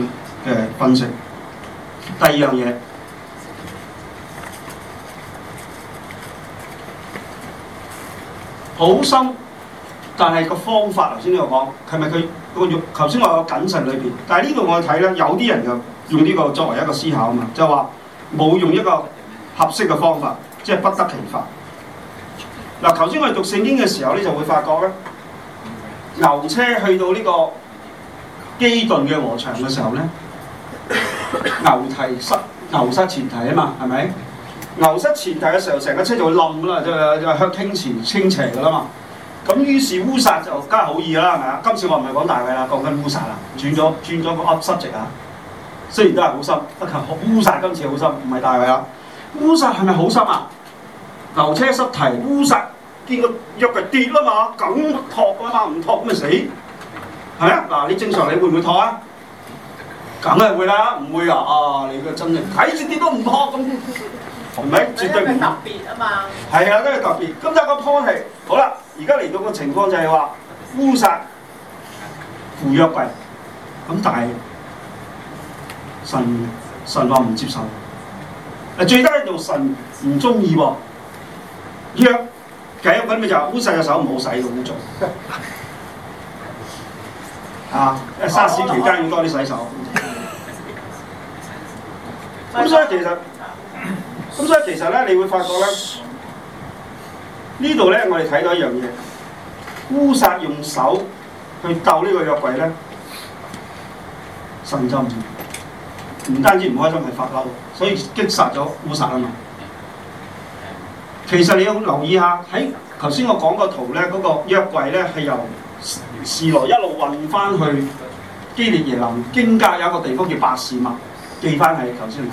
[SPEAKER 1] 嘅分析。呃、第二樣嘢，好心，但係個方法頭先你有講，係咪佢個欲？頭先我有謹慎裏邊，但係呢度我睇咧，有啲人就用呢個作為一個思考啊嘛，就話冇用一個合適嘅方法，即係不得其法。嗱、啊，頭先我哋讀聖經嘅時候咧，就會發覺咧，牛車去到呢、這個。基頓嘅和場嘅時候咧，牛蹄濕，牛濕前蹄啊嘛，係咪？牛濕前蹄嘅時候，成架車就會冧啦，即係向傾斜傾斜嘅啦嘛。咁於是烏殺就梗係好易啦，係咪啊？今次我唔係講大位啦，講緊烏殺啦，轉咗轉咗個濕濕積啊。雖然都係好濕，不過烏殺今次好深，唔係大位啦。烏殺係咪好深啊？牛車濕蹄烏殺，見個腳皮跌啦嘛，梗托啊嘛，唔托咁咪死。嗱，你正常你會唔會拖啊？梗係會啦，唔會啊？啊，你個真嘅睇住啲都唔拖。咁，係咪？絕對唔特別啊嘛。係啊，都係特別。咁就是那個託係好啦。而家嚟到個情況就係話烏撒扶約櫃，咁但係神神話唔接受。最低神就神唔中意喎，約櫃一滾咪就污晒隻手冇洗到污糟。啊！喺沙士期間要多啲洗手。咁、啊、所以其實，咁 所以其實咧，你會發覺咧，呢度咧，我哋睇到一樣嘢， 烏殺用手去鬥個藥呢個約櫃咧，神就唔唔單止唔開心，係發嬲，所以擊殺咗烏殺啊嘛。其實你要留意下喺頭先我講、嗰個圖咧，嗰個約櫃咧係由。示羅一路運翻去基列耶琳，經隔有一個地方叫伯示麥，記翻係頭先。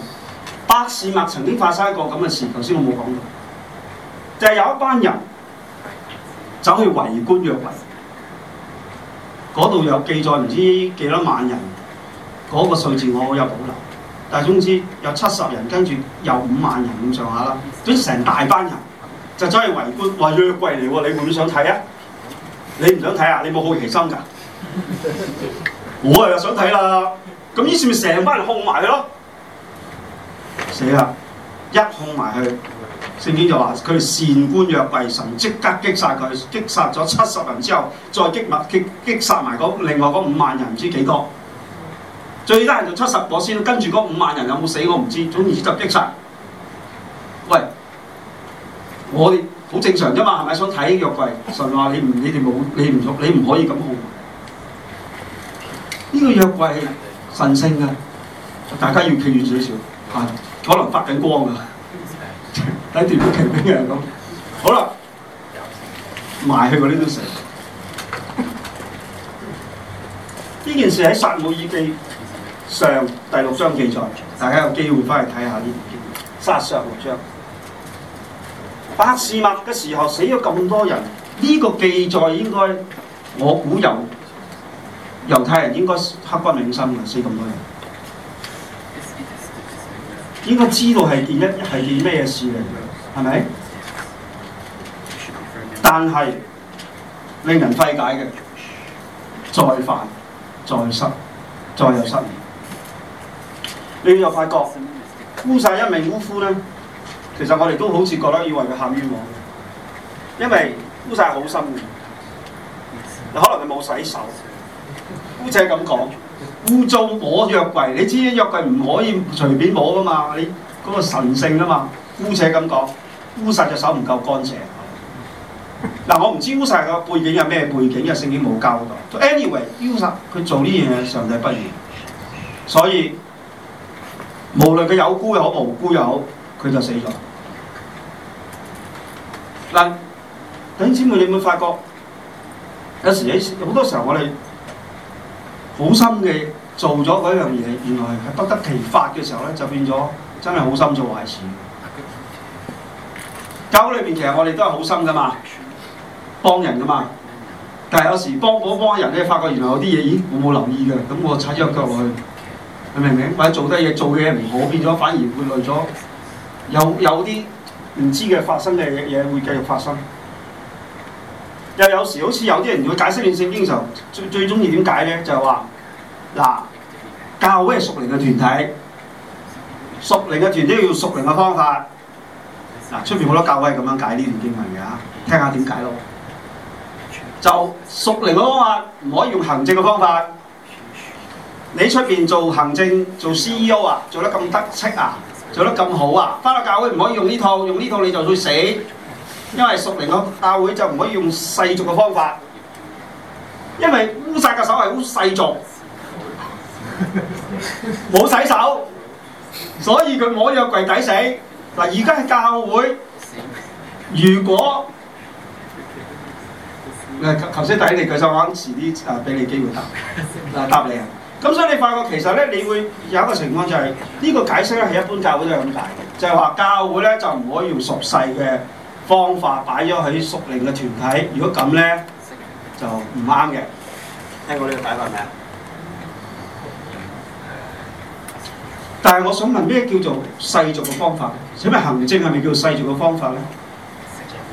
[SPEAKER 1] 伯示麥曾經發生一個咁嘅事，頭先我冇講到，就係、是、有一班人走去圍觀約櫃，嗰度有記載唔知幾多萬人，嗰、那個數字我有保留，但係總之有七十人，跟住有五萬人咁上下啦，總之，成大班人就走去圍觀，話約櫃嚟喎，你會唔會想睇啊？你唔想睇啊？你冇好奇心㗎？ 我又想睇啦，啊。咁於是咪成班人控埋去咯。死啦！一控埋去，聖經就話佢擅觀若為神，即刻擊殺佢，擊殺咗七十人之後，再擊埋擊殺埋另外嗰五萬人，唔知幾多少。最啱就七十個先，跟住嗰五萬人有冇死我唔知，總然之就擊殺。喂，我哋。好正常啫嘛，係咪想睇約櫃？神話你唔你哋冇你唔你唔可以咁好。呢、這個約櫃神聖啊！大家要企遠少少啊，可能發緊光啊！睇調兵遣將嚟講，好啦，埋 去嗰啲都成。呢 件事喺撒母耳記上第六章記載，大家有機會翻去睇下呢段經。撒上六章。百事物嘅時候死咗咁多人，呢、這個記載應該我估有，猶太人應該刻骨銘心嘅，死咁多人應該知道係件一係件咩事嚟，嘅，係咪？但係令人費解嘅，再犯再失再有失，你又發覺污曬一名污夫啦。其實我哋都好似覺得以為佢喊冤枉，因為烏撒係好心嘅，可能佢冇洗手。姑且咁講，污糟摸約櫃，你知約櫃唔可以隨便摸噶嘛？你嗰、那個神聖啊嘛。姑且咁講，烏撒隻手唔夠乾淨。嗱我唔知烏撒個背景有咩背景，聖經冇交代。Anyway，烏撒佢做呢樣嘢上帝不義，所以無論佢有辜又好無辜又好，佢就死咗。嗱，弟兄姊妹，你，你有冇發覺有時喺好多時候，我哋好心嘅做咗嗰樣嘢，原來係不得其法嘅時候咧，就變咗真係好心做壞事。教會裏面其實我哋都係好心㗎嘛，幫人㗎嘛，但係有時幫嗰幫人咧，發覺原來有啲嘢，咦，我冇留意嘅，咁我踩咗個腳落去，你明唔明？或者做啲嘢，做嘢唔好，變咗反而會累咗有有啲。唔知嘅發生嘅嘢，會繼續發生。又有時好似有啲人要解釋呢聖經嘅時候，最最中意點解咧？就係話，嗱，教會係屬靈嘅團體，屬靈嘅團體要用屬靈嘅方法。出面好多教會咁樣解呢段經文嘅，聽下點解咯？就屬靈嘅方法唔可以用行政嘅方法，你出面做行政做 CEO 啊，做得咁得戚啊？做得咁好啊！翻到教會唔可以用呢套，用呢套你就會死，因為屬靈個教會就唔可以用世俗嘅方法，因為污殺嘅手係好世俗，冇 洗手，所以佢摸咗個櫃底死。嗱，而家係教會，如果誒頭先抵你，舉手，佢想講遲啲誒俾你機會答，答你， 答你咁所以你發覺其實咧，你會有一個情況就係呢個解釋咧，係一般教會都係咁解嘅，就係話教會咧就唔可以用俗世嘅方法擺咗喺熟齡嘅團體。如果咁咧，就唔啱嘅。聽過呢個解法未啊？但係我想問咩叫做世俗嘅方法？使乜行政係咪叫做世俗嘅方法咧？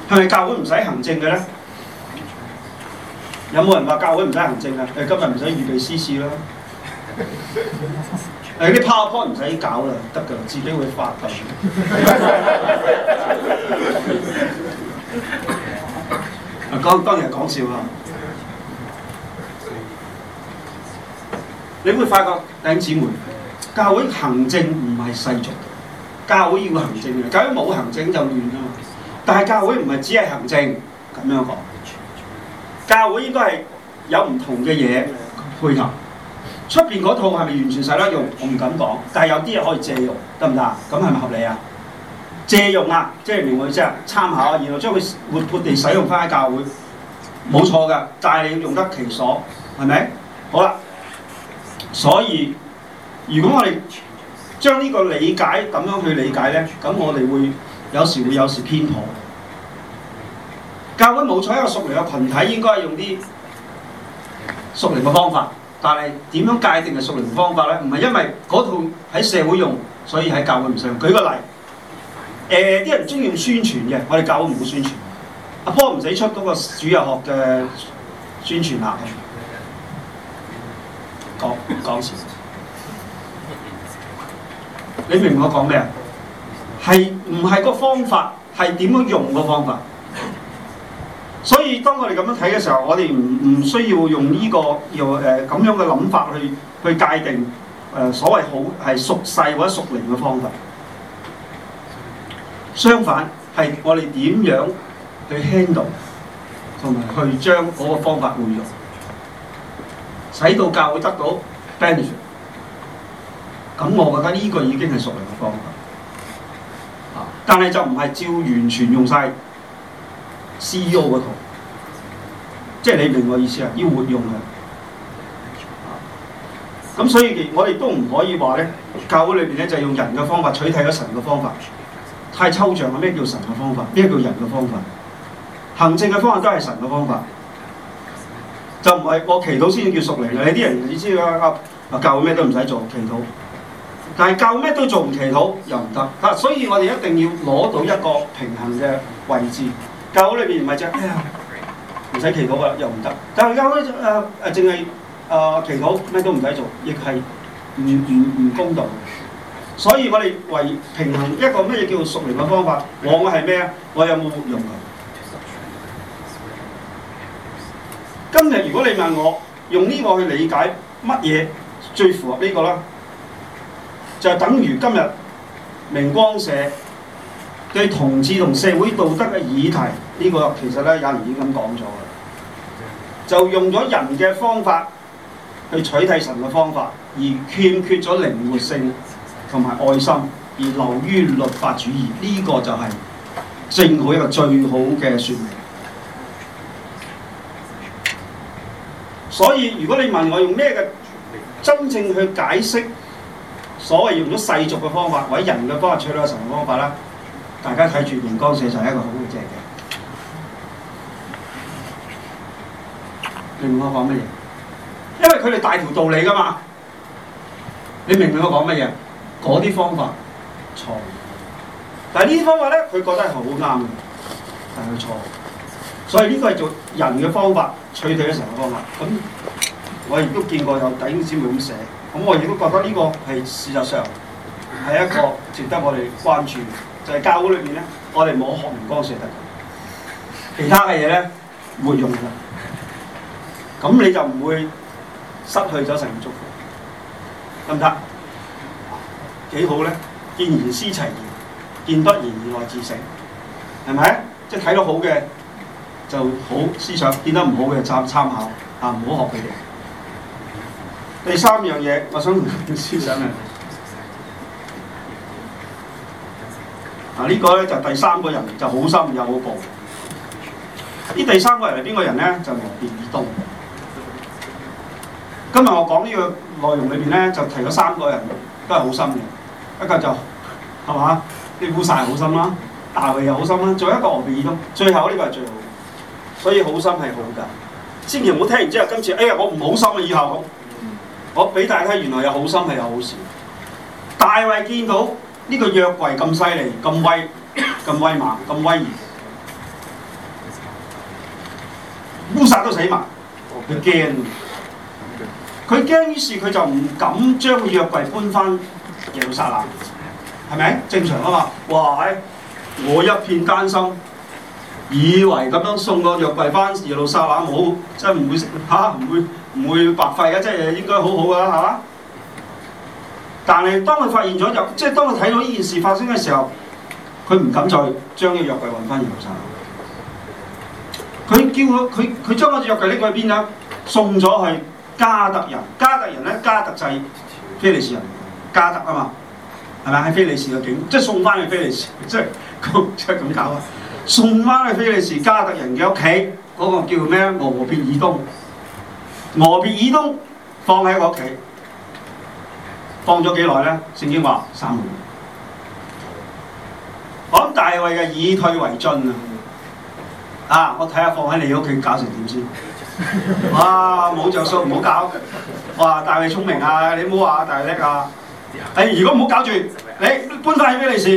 [SPEAKER 1] 係咪教會唔使行政嘅咧？有冇人話教會唔使行政啊？誒，今日唔使預備司事啦。誒啲 powerpoint 唔使搞啦，得㗎，自己會發動、 啊。當當然係講笑啦。你會發覺弟兄姊妹，教會行政唔係世俗，教會要行政，教會冇行政就亂嘛。但係教會唔係只係行政咁樣講，教會應該係有唔同嘅嘢配合。出邊嗰套係咪完全使得用？我唔敢講，但係有啲嘢可以借用，得唔得？咁係咪合理啊？借用啊，即係明我意思啊，參考啊，然後將佢活潑地使用翻喺教會，冇錯㗎，但係你要用得其所，係咪？好啦，所以如果我哋將呢個理解咁樣去理解咧，咁我哋會有時會有時偏頗。教會冇錯，一個屬靈嘅群體應該係用啲屬靈嘅方法。但係點樣界定嘅屬靈方法呢？唔係因為嗰套喺社會用，所以喺教會唔使用，用。舉個例子，誒、呃、啲人中意用宣傳嘅，我哋教會唔會宣傳。阿波唔使出嗰個主日學嘅宣傳啊！講講事，你明我講咩啊？係唔係個方法？係點樣用個方法？所以當我哋咁樣睇嘅時候，我哋唔需要用呢、這個用誒咁樣嘅諗法去去界定、呃、所謂好係屬世或者屬靈嘅方法。相反係我哋點樣去 handle 同埋去將嗰個方法運用，使到教會得到 benefit、嗯。咁我覺得呢個已經係屬靈嘅方法。但係就唔係照完全用曬。C.E.O. 個圖，即係你明我意思啊！要活用啊！咁所以我哋都唔可以話咧，教會裏邊咧就用人嘅方法取替咗神嘅方法，太抽象啦。咩叫神嘅方法？咩叫人嘅方法？行政嘅方法都係神嘅方法，就唔係我祈禱先至叫屬靈，你啲人你知啦，啊教會咩都唔使做祈禱，但係教咩都做唔祈禱又唔得。嗱，所以我哋一定要攞到一個平衡嘅位置。教裏邊唔係隻，唔、哎、使祈禱噶又唔得。但係而家好誒誒，淨係誒祈禱，咩都唔使做，亦係唔公道的。所以我哋為平衡一個乜嘢叫屬靈嘅方法，我係咩啊？我有冇活用啊？今日如果你問我用呢個去理解乜嘢最符合這個呢個咧，就係等於今日明光社對同志同社會道德嘅議題。呢個其實咧有人已經咁講咗啦，就用咗人嘅方法去取代神嘅方法，而欠缺咗靈活性同埋愛心，而流於律法主義。呢、這個就係正好一個最好嘅説明。所以如果你問我用咩嘅真正去解釋所謂用咗世俗嘅方法或者人嘅方法取代神嘅方法咧，大家睇住《明光社》就係、是、一個好嘅藉嘅。你明我講乜嘢？因為佢哋大條道理噶嘛，你明唔明我講乜嘢？嗰啲方法錯，但係呢啲方法咧，佢覺得係好啱嘅，但係錯。所以呢個係做人嘅方法，取對嘅時候嘅方法。咁我亦都見過有弟兄姊妹咁寫，咁我亦都覺得呢個係事實上係一個值得我哋關注。就係教會裏面咧，我哋冇學唔光寫得，其他嘅嘢咧沒用嘅。咁你就唔會失去咗成祝福，得唔得？幾好咧？見賢思齊，見不賢而內自省，係咪？即係睇到好嘅就好思想，見得唔好嘅就參參考，啊唔好學佢哋。第三樣嘢，我想同思想啊，啊、呢個、呢個咧就、第三個人就好心有好報。呢第三個人係邊個人咧？就王傑爾東。今日我講呢個內容裏邊咧，就提咗三個人，都係好心嘅。一個就係、是、嘛，烏撒好心啦，大衞又好心啦。再一個我唔記得，最後呢個係最好。所以好心係好噶，千祈唔好聽完之後，今次哎呀我唔好心啊，以後好。我俾大家睇，原來有好心係有好事。大衞見到呢個約櫃咁犀利、咁威、咁威猛、咁威嚴，烏撒都死埋。佢驚。佢驚，他怕，於是佢就唔敢將個約櫃搬返耶路撒冷，係咪？正常啊嘛？我一片擔心，以為咁樣送個約櫃返耶路撒冷好，真係唔會白費嘅，即係應該好好噶嚇。但係當佢發現咗，即係當佢睇到呢件事發生嘅時候，佢唔敢再將呢個約櫃運返耶路撒冷。佢叫我，佢佢、啊啊就是、將個約櫃拎去邊啊？送咗去。迦特人，迦特人咧，迦特就係非利士人，迦特啊嘛，係咪喺非利士嘅境？即係送翻去非利士，即係即係咁搞啊！送翻去非利士迦特人嘅屋企，嗰、那個叫咩？俄別以東，俄別以東放喺我屋企，放咗幾耐咧？聖經話三個月。嗯、我諗大衛嘅以退為進啊！啊，我睇下放喺你屋企搞成點先。啊、哇！冇着數，唔好搞。我話大偉聰明啊，你唔好話大偉叻啊。哎，如果唔好搞住，你，你搬翻去咩事？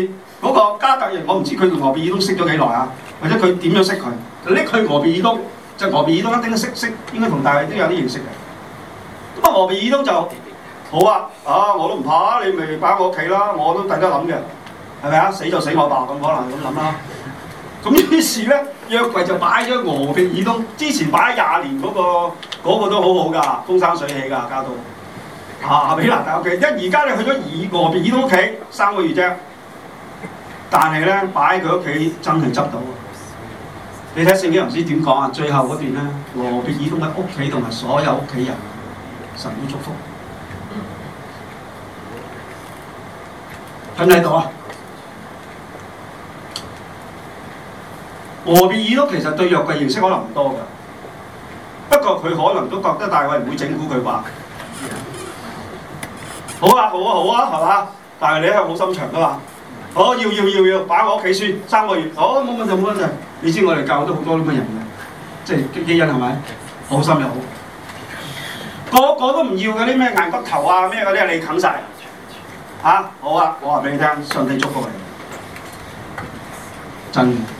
[SPEAKER 1] 嗰、嗰個加特人，我唔知佢同何別爾都識咗幾耐啊，或者佢點樣識佢？拎佢何別爾都，就何別爾都一定識識，應該同大偉都有啲認識嘅。咁啊，何別爾都就好啊，啊我都唔怕，你咪擺我屋企啦，我都大家諗嘅，係咪啊？死就死我吧，咁可能咁諗啦。咁於是呢，約櫃就擺咗俄別耳東。之前擺廿年嗰個，嗰個都好好㗎，風生水起㗎、啊、家都嚇俾難睇屋企。一而家你去咗俄別耳東屋企三個月啫，但係呢，擺喺佢屋企真係執到的。你睇聖經老師點講啊？最後嗰段呢，俄別耳東喺屋企同埋所有屋企人，神都祝福。聽唔聽到啊？。我別意都其實對弱勢嘅認識可能唔多㗎，不過佢可能都覺得大衞唔會整蠱佢吧？好啊，好啊，好啊，係嘛？但係你係好心腸㗎嘛？好，要要要要，擺我屋企先，三個月，好、哦、冇問題冇問，問題。你知道我哋教會有好多呢啲人嘅，即係啲基恩係咪？好心就好，個個都唔要嗰啲咩硬骨頭啊咩嗰啲，你啃曬、啊、好啊，我話俾你聽，上帝祝福你，過你真。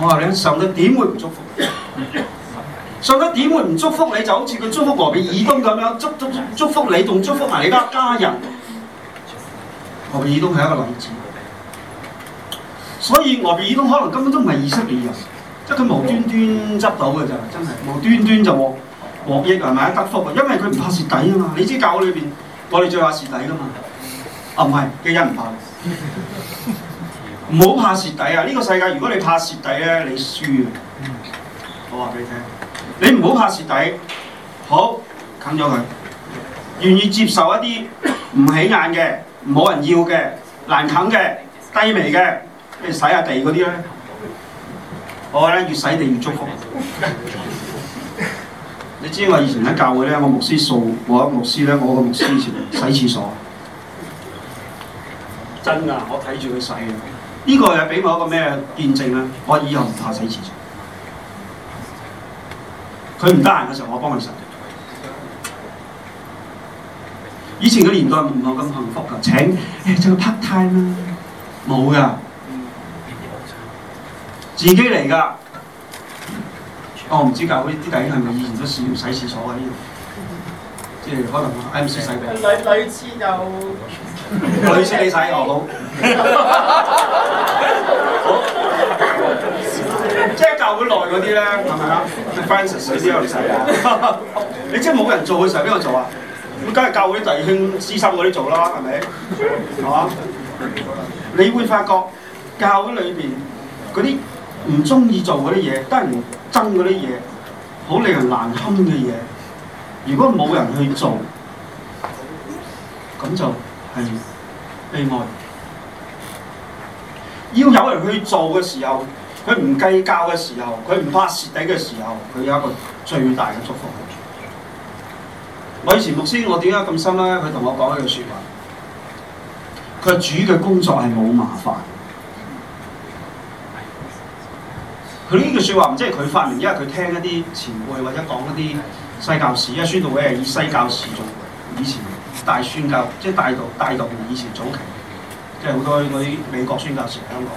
[SPEAKER 1] 我話你神得點會唔祝福？神得點會唔祝福你？就好似佢祝福俄別以東咁樣，祝祝祝福你，仲祝福埋你家家人。俄別以東係一個例子，所以俄別以東可能根本都唔係以色列人，即係佢無端端執到嘅就，真係無端端就獲獲益係咪？得福，因為佢唔怕蝕底啊嘛。你知教會裏邊我哋最怕蝕底噶嘛？啊唔係，嘅人唔怕。唔好怕蝕底啊！呢、這個世界，如果你怕蝕底咧，你輸啊！ 我話俾你聽， 你唔好怕蝕底。好啃咗佢，願意接受一啲唔起眼嘅、冇人要嘅、難啃嘅、低微嘅，你洗下地嗰啲咧。我咧越洗地越祝福。 你知我以前喺教會咧，我牧師掃，我一牧師咧，我牧師以前洗廁所， 真噶，我睇住佢洗啊！呢個又俾我一個咩見證啊？我以後唔怕洗廁所。佢唔得閒嘅時候，我幫佢洗。以前嘅年代唔係咁幸福噶，請做、哎、part time 啦、啊，冇噶，自己嚟噶。我、哦、唔知教會啲弟兄係咪以前都試過洗廁所啊？呢度，即係可能誒唔識洗。女女廁就。佢先你洗我 好，好， 即係教會內嗰啲咧，係咪啊？Francis 先有嚟洗啊！你即係冇人做嘅時候，邊個做啊？咁梗係教會啲弟兄師兄嗰啲做啦，係咪？係 嘛？ 你會發覺教會裏邊嗰啲唔中意做嗰啲嘢，都係憎嗰啲嘢，好令人難堪嘅嘢。如果冇人去做，咁就～悲哀，要、嗯、有人去做嘅時候，佢唔計較嘅時候，佢唔怕蝕底嘅時候，佢有一個最大嘅祝福。我以前牧師，我點解咁深咧？佢同我講一句說話，佢主嘅工作係冇麻煩。佢呢句說話唔即係佢發明，因為佢聽一啲前輩或者講一啲西教士，因為宣道會係以西教士做以前。大宣教即係大道，大道以前早期，即係好多嗰啲美國宣教士喺香港。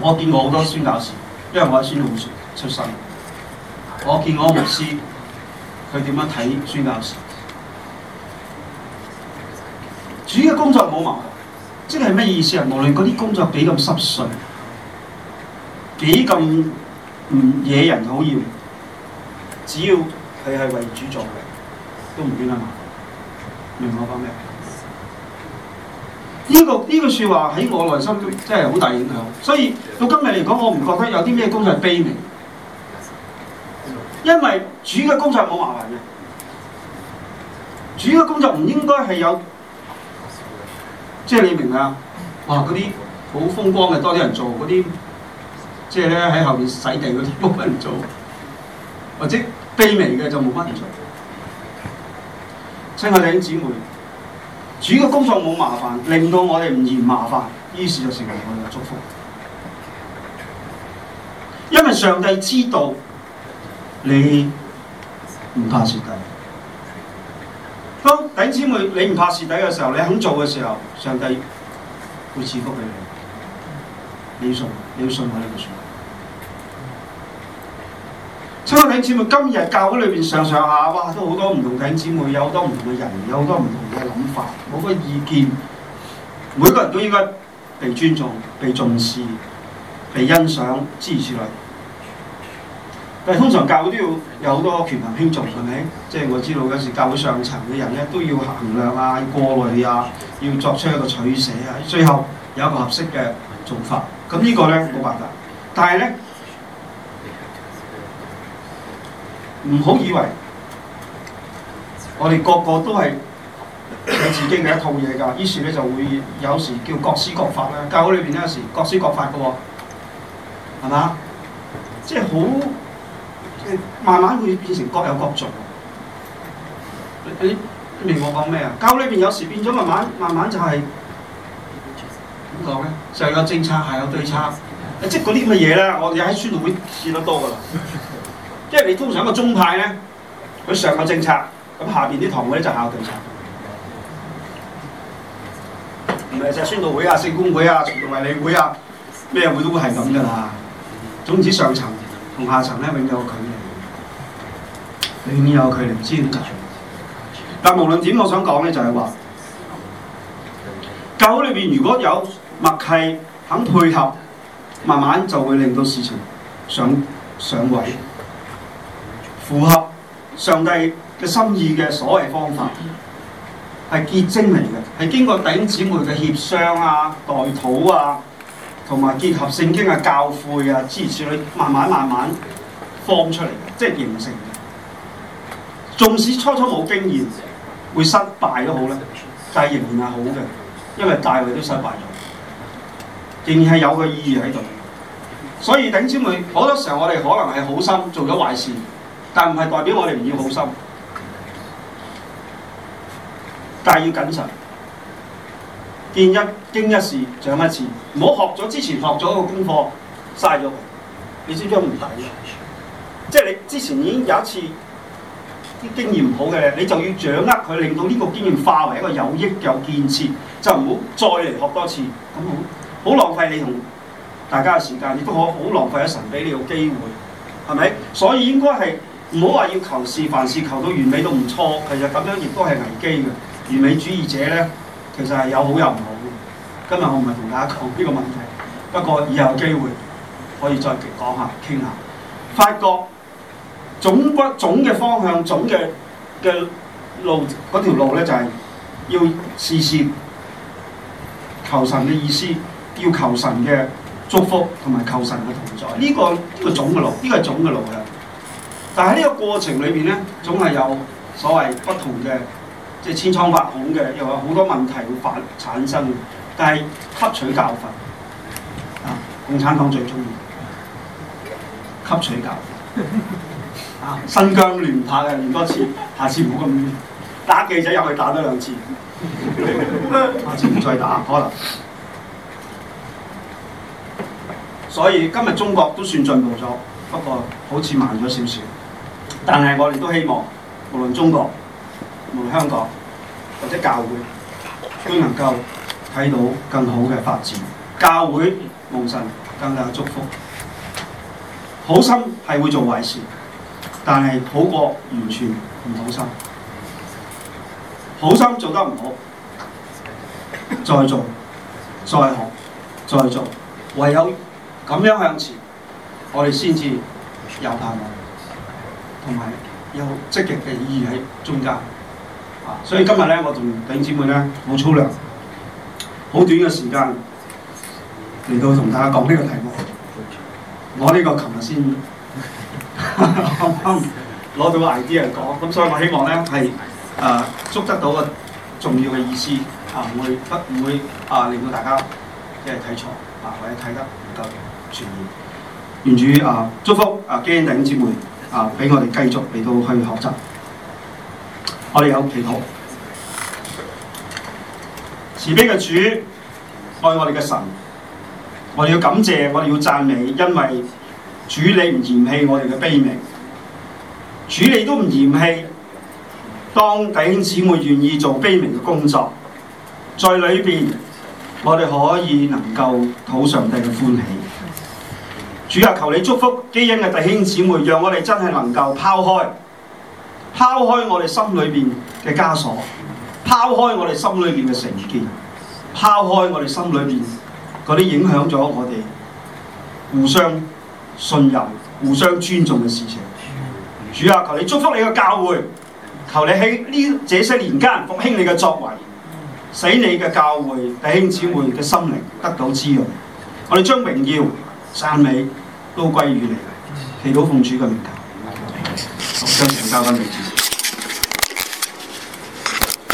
[SPEAKER 1] 我見過好多宣教士，因為我係宣道會出身。我見我牧師佢點樣睇宣教士？主嘅工作冇矛盾，即係咩意思啊？無論嗰啲工作幾咁濕碎，幾咁唔惹人討厭，只要佢係為主做嘅，都唔冤啊嘛！明白我講咩？呢、這個呢句、這個、話喺我內心真係好大影響，所以到今日嚟講，我唔覺得有啲咩工作係卑微的，因為主嘅工作冇麻煩嘅，主嘅工作唔應該係有，即係你明唔明啊？哇！嗰啲好風光嘅多啲人做，嗰啲即係咧喺後面洗地嗰啲冇人做，或者卑微嘅就冇人做。弟兄姊妹，主嘅工作冇麻煩，令到我哋唔嫌麻煩，於是就成為我哋嘅祝福。因為上帝知道你唔怕蝕底，當弟兄姊妹你唔怕蝕底嘅時候，你肯做嘅時候，上帝會賜福俾你。你要信，你要信我一句説話。親緊姊妹，今日教會裏邊上上下，哇都好多唔同緊姊妹，有好多唔同嘅人，有好多唔同嘅諗法，好多意見。每個人都應該被尊重、被重視、被欣賞、支持佢。但係通常教會都要有好多權衡輕重，係咪？即係我知道有時教會上層嘅人咧都要衡量啊，要過濾啊，要作出一個取捨啊，最後有一個合適嘅做法。咁呢個咧冇辦法，但係咧。唔好以為我哋個個都係有自己嘅一套嘢㗎，於是咧就會有時叫各施各法啦。教裏邊有時各施各法嘅喎，係嘛？即係好慢慢會變成各有各做。你明我講咩啊？教裏邊有時變咗，慢慢慢慢就係點講咧？上、就係、有政策，下有對策。即係嗰啲咁嘅嘢啦。我哋喺村度會見得多㗎啦。因為你通常一個宗派咧，佢上個政策，咁下邊啲堂會咧就是、下個政策，唔係就係宣道會啊、聖公會啊、同埋衞理會啊，咩會都會係咁噶啦。總之，上層同下層咧，永有距離，永遠有距離，唔知點解。但無論點，我想講咧就係、是、話，教會裏邊如果有默契肯配合，慢慢就會令到事情上上位。符合上帝嘅心意嘅所謂方法，係結晶嚟嘅，係經過頂姊妹嘅協商啊、代禱啊，同埋結合聖經嘅教誨啊、諸如此類，慢慢慢慢放出嚟嘅，即係形成。縱使初初冇經驗，會失敗都好啦，但係仍然係好嘅，因為大衞都失敗咗，仍然係有個意義喺度。所以頂姊妹好多時候，我哋可能係好心做咗壞事。但唔係代表我哋唔要好心，但係要謹慎，見一經一事長一次，唔好學咗之前學咗個功課嘥咗佢。你知唔知唔抵啊？即係你之前已經有一次啲經驗唔好嘅，你就要掌握佢，令到呢個經驗化為一個有益有建設，就唔好再嚟學多次，咁好好浪費你同大家嘅時間，亦都好好浪費咗神俾你個機會，係咪？所以應該係。唔好話要求事，凡事求到完美都唔錯。其實咁樣亦都係危機嘅。完美主義者咧，其實係有好有唔好。今日我唔係同大家講呢個問題，不過以後有機會可以再講下傾下。發覺總不總嘅方向，總嘅嘅路嗰條路咧，就係要事事求神嘅意思，要求神嘅祝福同埋求神嘅同在。呢個呢個總嘅路，呢個總嘅路啊！但喺呢個過程裏邊咧，總係有所謂不同嘅，即係千瘡百孔嘅，又有好多問題會發產生。但係吸取教訓，啊，共產黨最中意吸取教訓。啊，新疆亂拍嘅，亂多次，下次唔好咁，打記者入去打多兩次，下次唔再打，可能。所以今日中國都算進步咗，不過好似慢咗少少。但係我哋都希望，無論中國、無論香港或者教會，都能夠睇到更好嘅發展。教會蒙神更加祝福。好心係會做壞事，但係好過完全唔好心。好心做得唔好，再做、再學、再做，唯有咁樣向前，我哋先至有盼望。同埋有積極嘅意義喺中間啊，所以今日咧，我同弟兄姊妹咧好粗略，好短嘅時間嚟到同大家講呢個題目。我呢個琴日先攞到個 idea 嚟講，咁所以我希望咧係啊捉得到個重要嘅意思啊，唔會不唔會啊令到大家即係睇錯啊或者睇得唔夠全面。願主啊祝福啊基恩弟兄姊妹。啊！俾我哋繼續嚟到去學習，我哋有祈禱，慈悲嘅主愛我哋嘅神，我哋要感謝，我哋要讚美，因為主你唔嫌棄我哋嘅卑微，主你都唔嫌棄，當弟兄姊妹願意做卑微嘅工作，在裏邊我哋可以能夠討上帝嘅歡喜。主啊，求你祝福基恩嘅弟兄姊妹，讓我哋真係能夠拋開、拋開我哋心裏邊嘅枷鎖，拋開我哋心裏邊嘅成見，拋開我哋心裏邊嗰啲影響咗我哋互相信任、互相尊重嘅事情。主啊，求你祝福你嘅教會，求你喺呢這些年間復興你嘅作為，使你嘅教會弟兄姊妹嘅心靈得到滋潤。我哋將榮耀。讚美都歸於你，起到奉主嘅名頭。頭，將 成交嘅畀你。